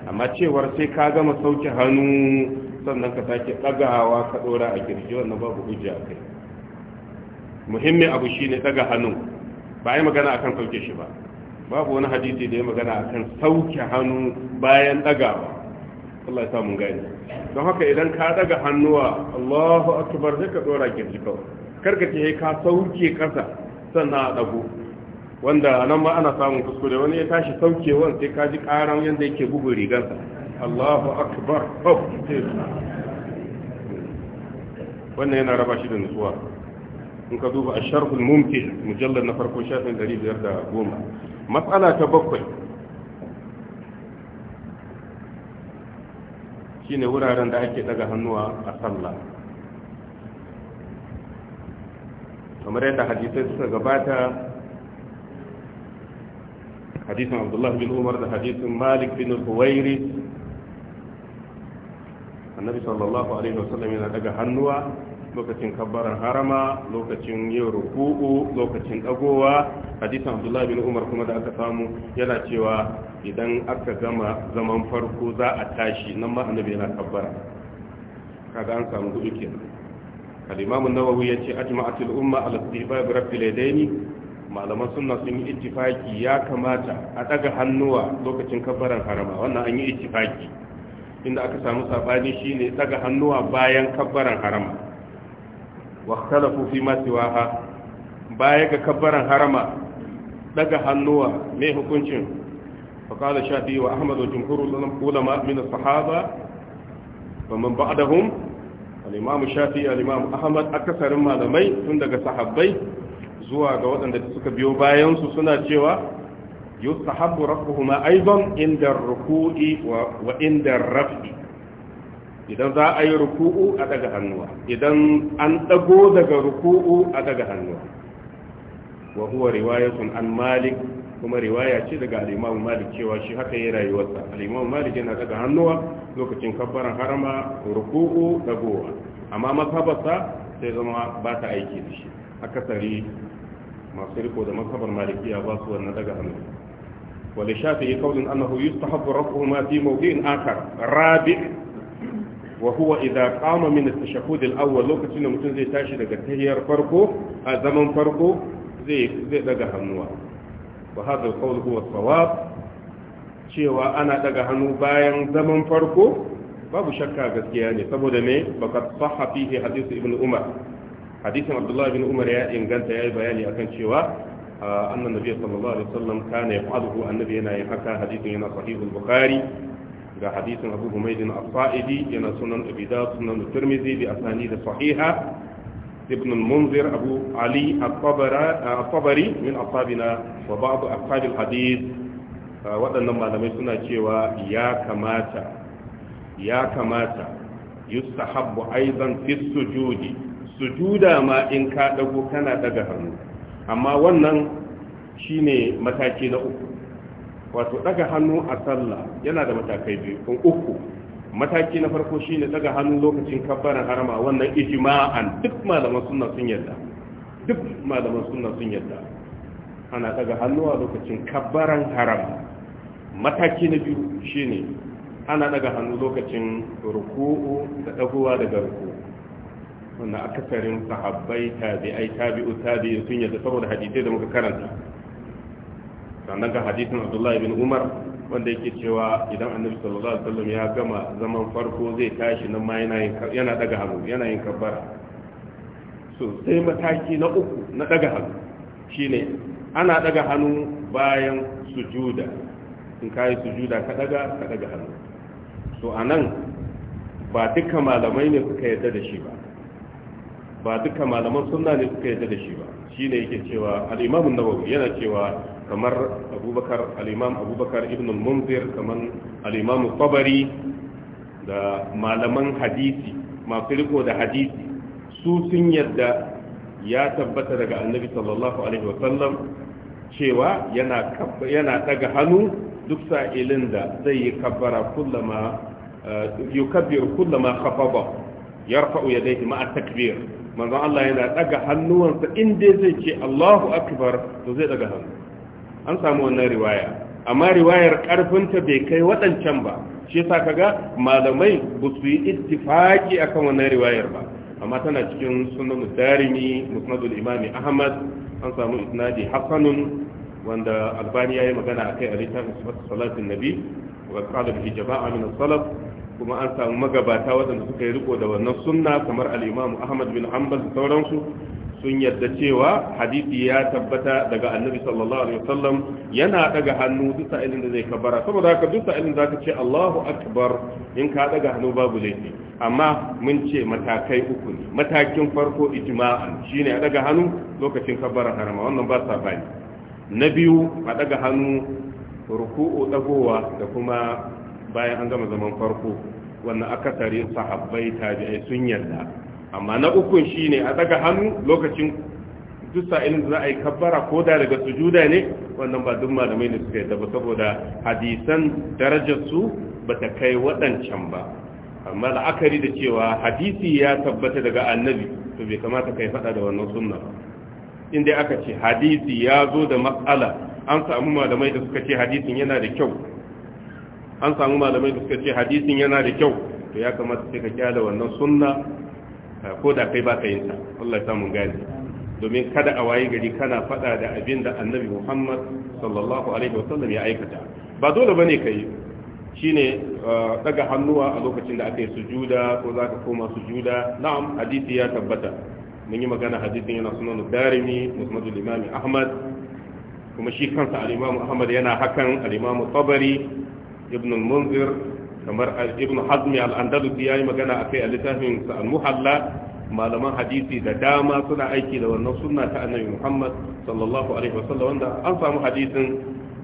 amma cewar sai ka gama sauke hannu sannan ka sake dagawa ka dora a kirji wannan babu hujja kai muhimmin abu shine daga hannu ba yi magana akan sauke shi ba babu wani hadisi da ya magana a kan sauke hannu bayan dagawa Allah ya sa gani don haka idan ka daga hannuwa Allahu akbar zai ka dora kirji kawai karka ce ka sauke kasa sannan a dago wanda nan ma ana samun kuskure wani ya tashi saukewan sai ka ji ƙaran yanda yake bugu rigarsa Allahu akbar wannan yana raba shi da nutsuwa in ka duba a asharhul mumkin mujallar na farko shafin 510 matsala ta bakwai Shi ne wuraren da ake daga hannuwa a sallah kamar yadda hadisai suka gabata hadisin abdullahi bin umar da hadisin malik bin huwairi annabi sallallahu alaihi wasallam yana daga hannuwa lokacin kabbaran harama lokacin yin ruku'u lokacin dagowa hadisan abdullahi bin umar kuma da aka samu yana cewa idan aka gama zaman farko za a tashi nan ma annabi yana kabbara kaga an samu gudu kenan al-imam an-nawawi yace ajma'atul umma ala istihbab rabbil yadaini malaman sunna sun yi ittifaki ya kamata a daga hannuwa lokacin kabbaran harama wannan an yi ittifaki inda aka samu sabani shine daga hannuwa bayan kabbaran harama واختلفوا فيما سواها بايك كبرا هرما daga hannuwa mai hukuncin faƙada shafi wa ahmad wa jimhurul ulama min sahaba wa man ba'dahum shafi al ahmad akasarin malamai tun daga sahabbai zuwa ga waɗanda suka biyo bayansu suna cewa yustahabbu rafuhuma aidan inda ruku'i wa rafi idan za a yi ruku'u a daga hannuwa idan an dago daga ruku'u a daga hannuwa wa huwa riwayatun an malik kuma riwaya ce daga al-Imam Malik cewa shi haka yayin rayuwarsa al-Imam Malik yana daga hannuwa lokacin kabbaran harama ruku'u dagowa amma mazhabarsa sai zama ba ta aiki da shi akasari masu riko da mazhabar malikiya ba su wannan daga hannu li shafi'i qawlun annahu yustahabbu raf'u ma fi mawdi'in akhar rabi' Wahuwa huwa kama qama min at lokacin da mutum zai tashi daga tahiyar farko a zaman farko zai daga hannuwa wa hadha al-qawl cewa ana daga hannu bayan zaman farko babu shakka gaskiya ne saboda me baqad sahha fihi hadith ibn umar hadisin abdullah ibn umar ya inganta yayi bayani akan cewa ah, annan nabi sallallahu alaihi wasallam kana yaf'aluhu annabi yana yin haka hadisin yana sahih al-bukhari ga hadisin abu humaydin al-fa'idi yana sunan abi sunan Turmizi bi asani da sahiha ibn al-munzir abu ali al-tabari min ashabina wa ba'd ashab al al-hadis. Uh, waɗannan malamai suna cewa ya kamata ya kamata yustahabbu aidan fi sujudi sujuda ma in ka dago kana daga hannu amma wannan shine mataki na uku wato daga hannu a sallah yana da matakai biyu kun uku mataki na farko shine daga hannu lokacin kabbaran harama wannan ijma'an duk malaman sunna sun yarda duk malaman sunna sun yarda ana daga hannu a lokacin kabbaran harama mataki na biyu shine ana daga hannu lokacin ruku'u da dagowa daga ruku'u wannan akasarin sahabbai tabi'ai tabi'u tabi'u sun yarda saboda hadisi da muka karanta sannan ga hadisin abdullahi bin umar wanda yake cewa idan annabi sallallahu alaihi wasallam ya gama zaman farko zai tashi nan ma yana yana daga hannu yana yin kabbara so sai mataki na uku na daga hannu shine ana daga hannu bayan sujuda in kai sujuda ka daga ka daga hannu so anan ba duka malamai ne suka yarda da shi ba ba duka malaman sunna ne suka yarda da shi ba shine yake cewa al-imam an-nawawi yana cewa kamar abubakar al'imam abubakar ibn munzir kamar Alimamu tabari da malaman hadisi masu riko da hadisi su sun yadda ya tabbata daga annabi sallallahu alaihi wasallam cewa yana daga hannu duk sa'ilin da zai yi kabbara kullama eh, yukabbir kullama khafaba yarfa'u yadayhi ma'a takbir manzon Allah yana daga hannuwansa in dai zai ce Allahu akbar to zai daga hannu an samu wannan riwaya amma riwayar karfinta bai kai waɗancan ba shi yasa kaga malamai ba su yi ittifaki akan wannan riwayar ba amma tana cikin sunan darimi musnadul imami ahmad an samu isnadi hasanun wanda albani yayi magana akai a littafin sifatu salatin nabi wa qala bi jama'a min as-salaf kuma an samu magabata waɗanda suka yi riko da wannan sunna kamar al-imam ahmad bin hanbal da sauransu sun yarda cewa hadisi ya tabbata daga annabi sallallahu alaihi wasallam yana daga hannu duk sa'ilin da zai kabara saboda haka duk sa'ilin zaka ce Allahu akbar in ka daga hannu babu laifi amma mun ce matakai uku ne matakin farko ijma'a shine a daga hannu lokacin kabara harama wannan ba sa bani na biyu a daga hannu ruku'u dagowa da kuma bayan an gama zaman farko wannan akasari sahabbai tabi'ai sun yarda amma na ukun ne a daga hannu lokacin duk ilin za a yi kabbara ko da daga sujuda ne wannan ba duk malamai ne suka yadda ba saboda hadisan darajarsu ba ta kai waɗancan ba amma la'akari da cewa hadisi ya tabbata daga annabi to bai kamata kai faɗa da wannan sunna ba inda aka ce hadisi ya zo da matsala an samu malamai da suka ce hadisin yana da kyau an samu malamai da suka ce hadisin yana da kyau to ya kamata sai ka kyale wannan sunna ko da kai baka yin ta Allah ya samu gani domin kada a waye gari kana fada da abin da Annabi Muhammad sallallahu alaihi sallam ya aikata ba dole bane kai shine daga uh, hannuwa a lokacin da aka yi sujuda ko zaka koma sujuda na'am hadisi ya tabbata mun yi magana hadisin yana sunan darimi musnad al-imam ahmad kuma shi kansa al-imam ahmad yana hakan al-imam tabari ibn al-munzir kamar ibn hazmi al-andalusi yayi magana akai a littafin sa al-muhalla malaman hadisi da dama suna aiki da wannan sunna ta annabi Muhammad sallallahu alaihi wasallam wanda an samu hadisin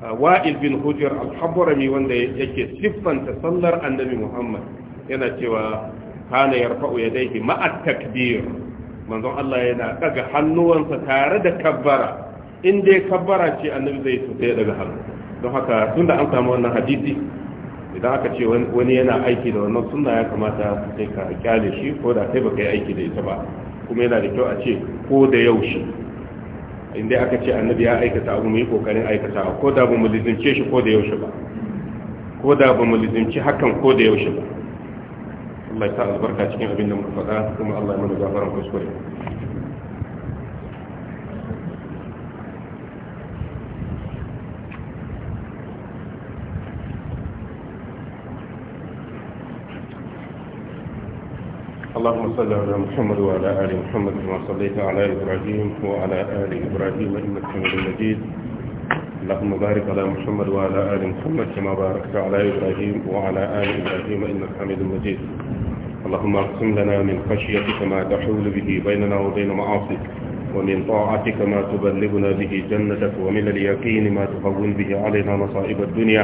uh, Wa'il bin Hujr al-Habrami wanda yake siffanta sallar annabi Muhammad yana cewa kana yarfa'u yadayhi ma'a takbir manzon Allah yana daga hannuwansa tare da kabbara in dai kabbara ce annabi zai su sosai daga hannu don haka tunda an samu wannan hadisi idan aka ce wani yana aiki da wannan sunna ya kamata sai ka kyale shi ko da kai baka yi aiki da ita ba kuma yana da kyau a ce ko da yaushe inda aka ce annabi ya aikata abu mai kokarin aikata ko da ba mu lizince shi ko da yaushe ba ko da ba mu lizince hakan ko da yaushe ba Allah ya sa albarka cikin abin da muka faɗa kuma Allah ya mana gafaran kuskure اللهم صل على محمد وعلى آل محمد كما صليت على إبراهيم وعلى آل إبراهيم إنك حميد مجيد اللهم بارك على محمد وعلى آل محمد كما باركت على إبراهيم وعلى آل إبراهيم إنك حميد مجيد اللهم اقسم لنا من خشيتك ما تحول به بيننا وبين معاصيك ومن طاعتك ما تبلغنا به جنتك ومن اليقين ما تقوم به علينا مصائب الدنيا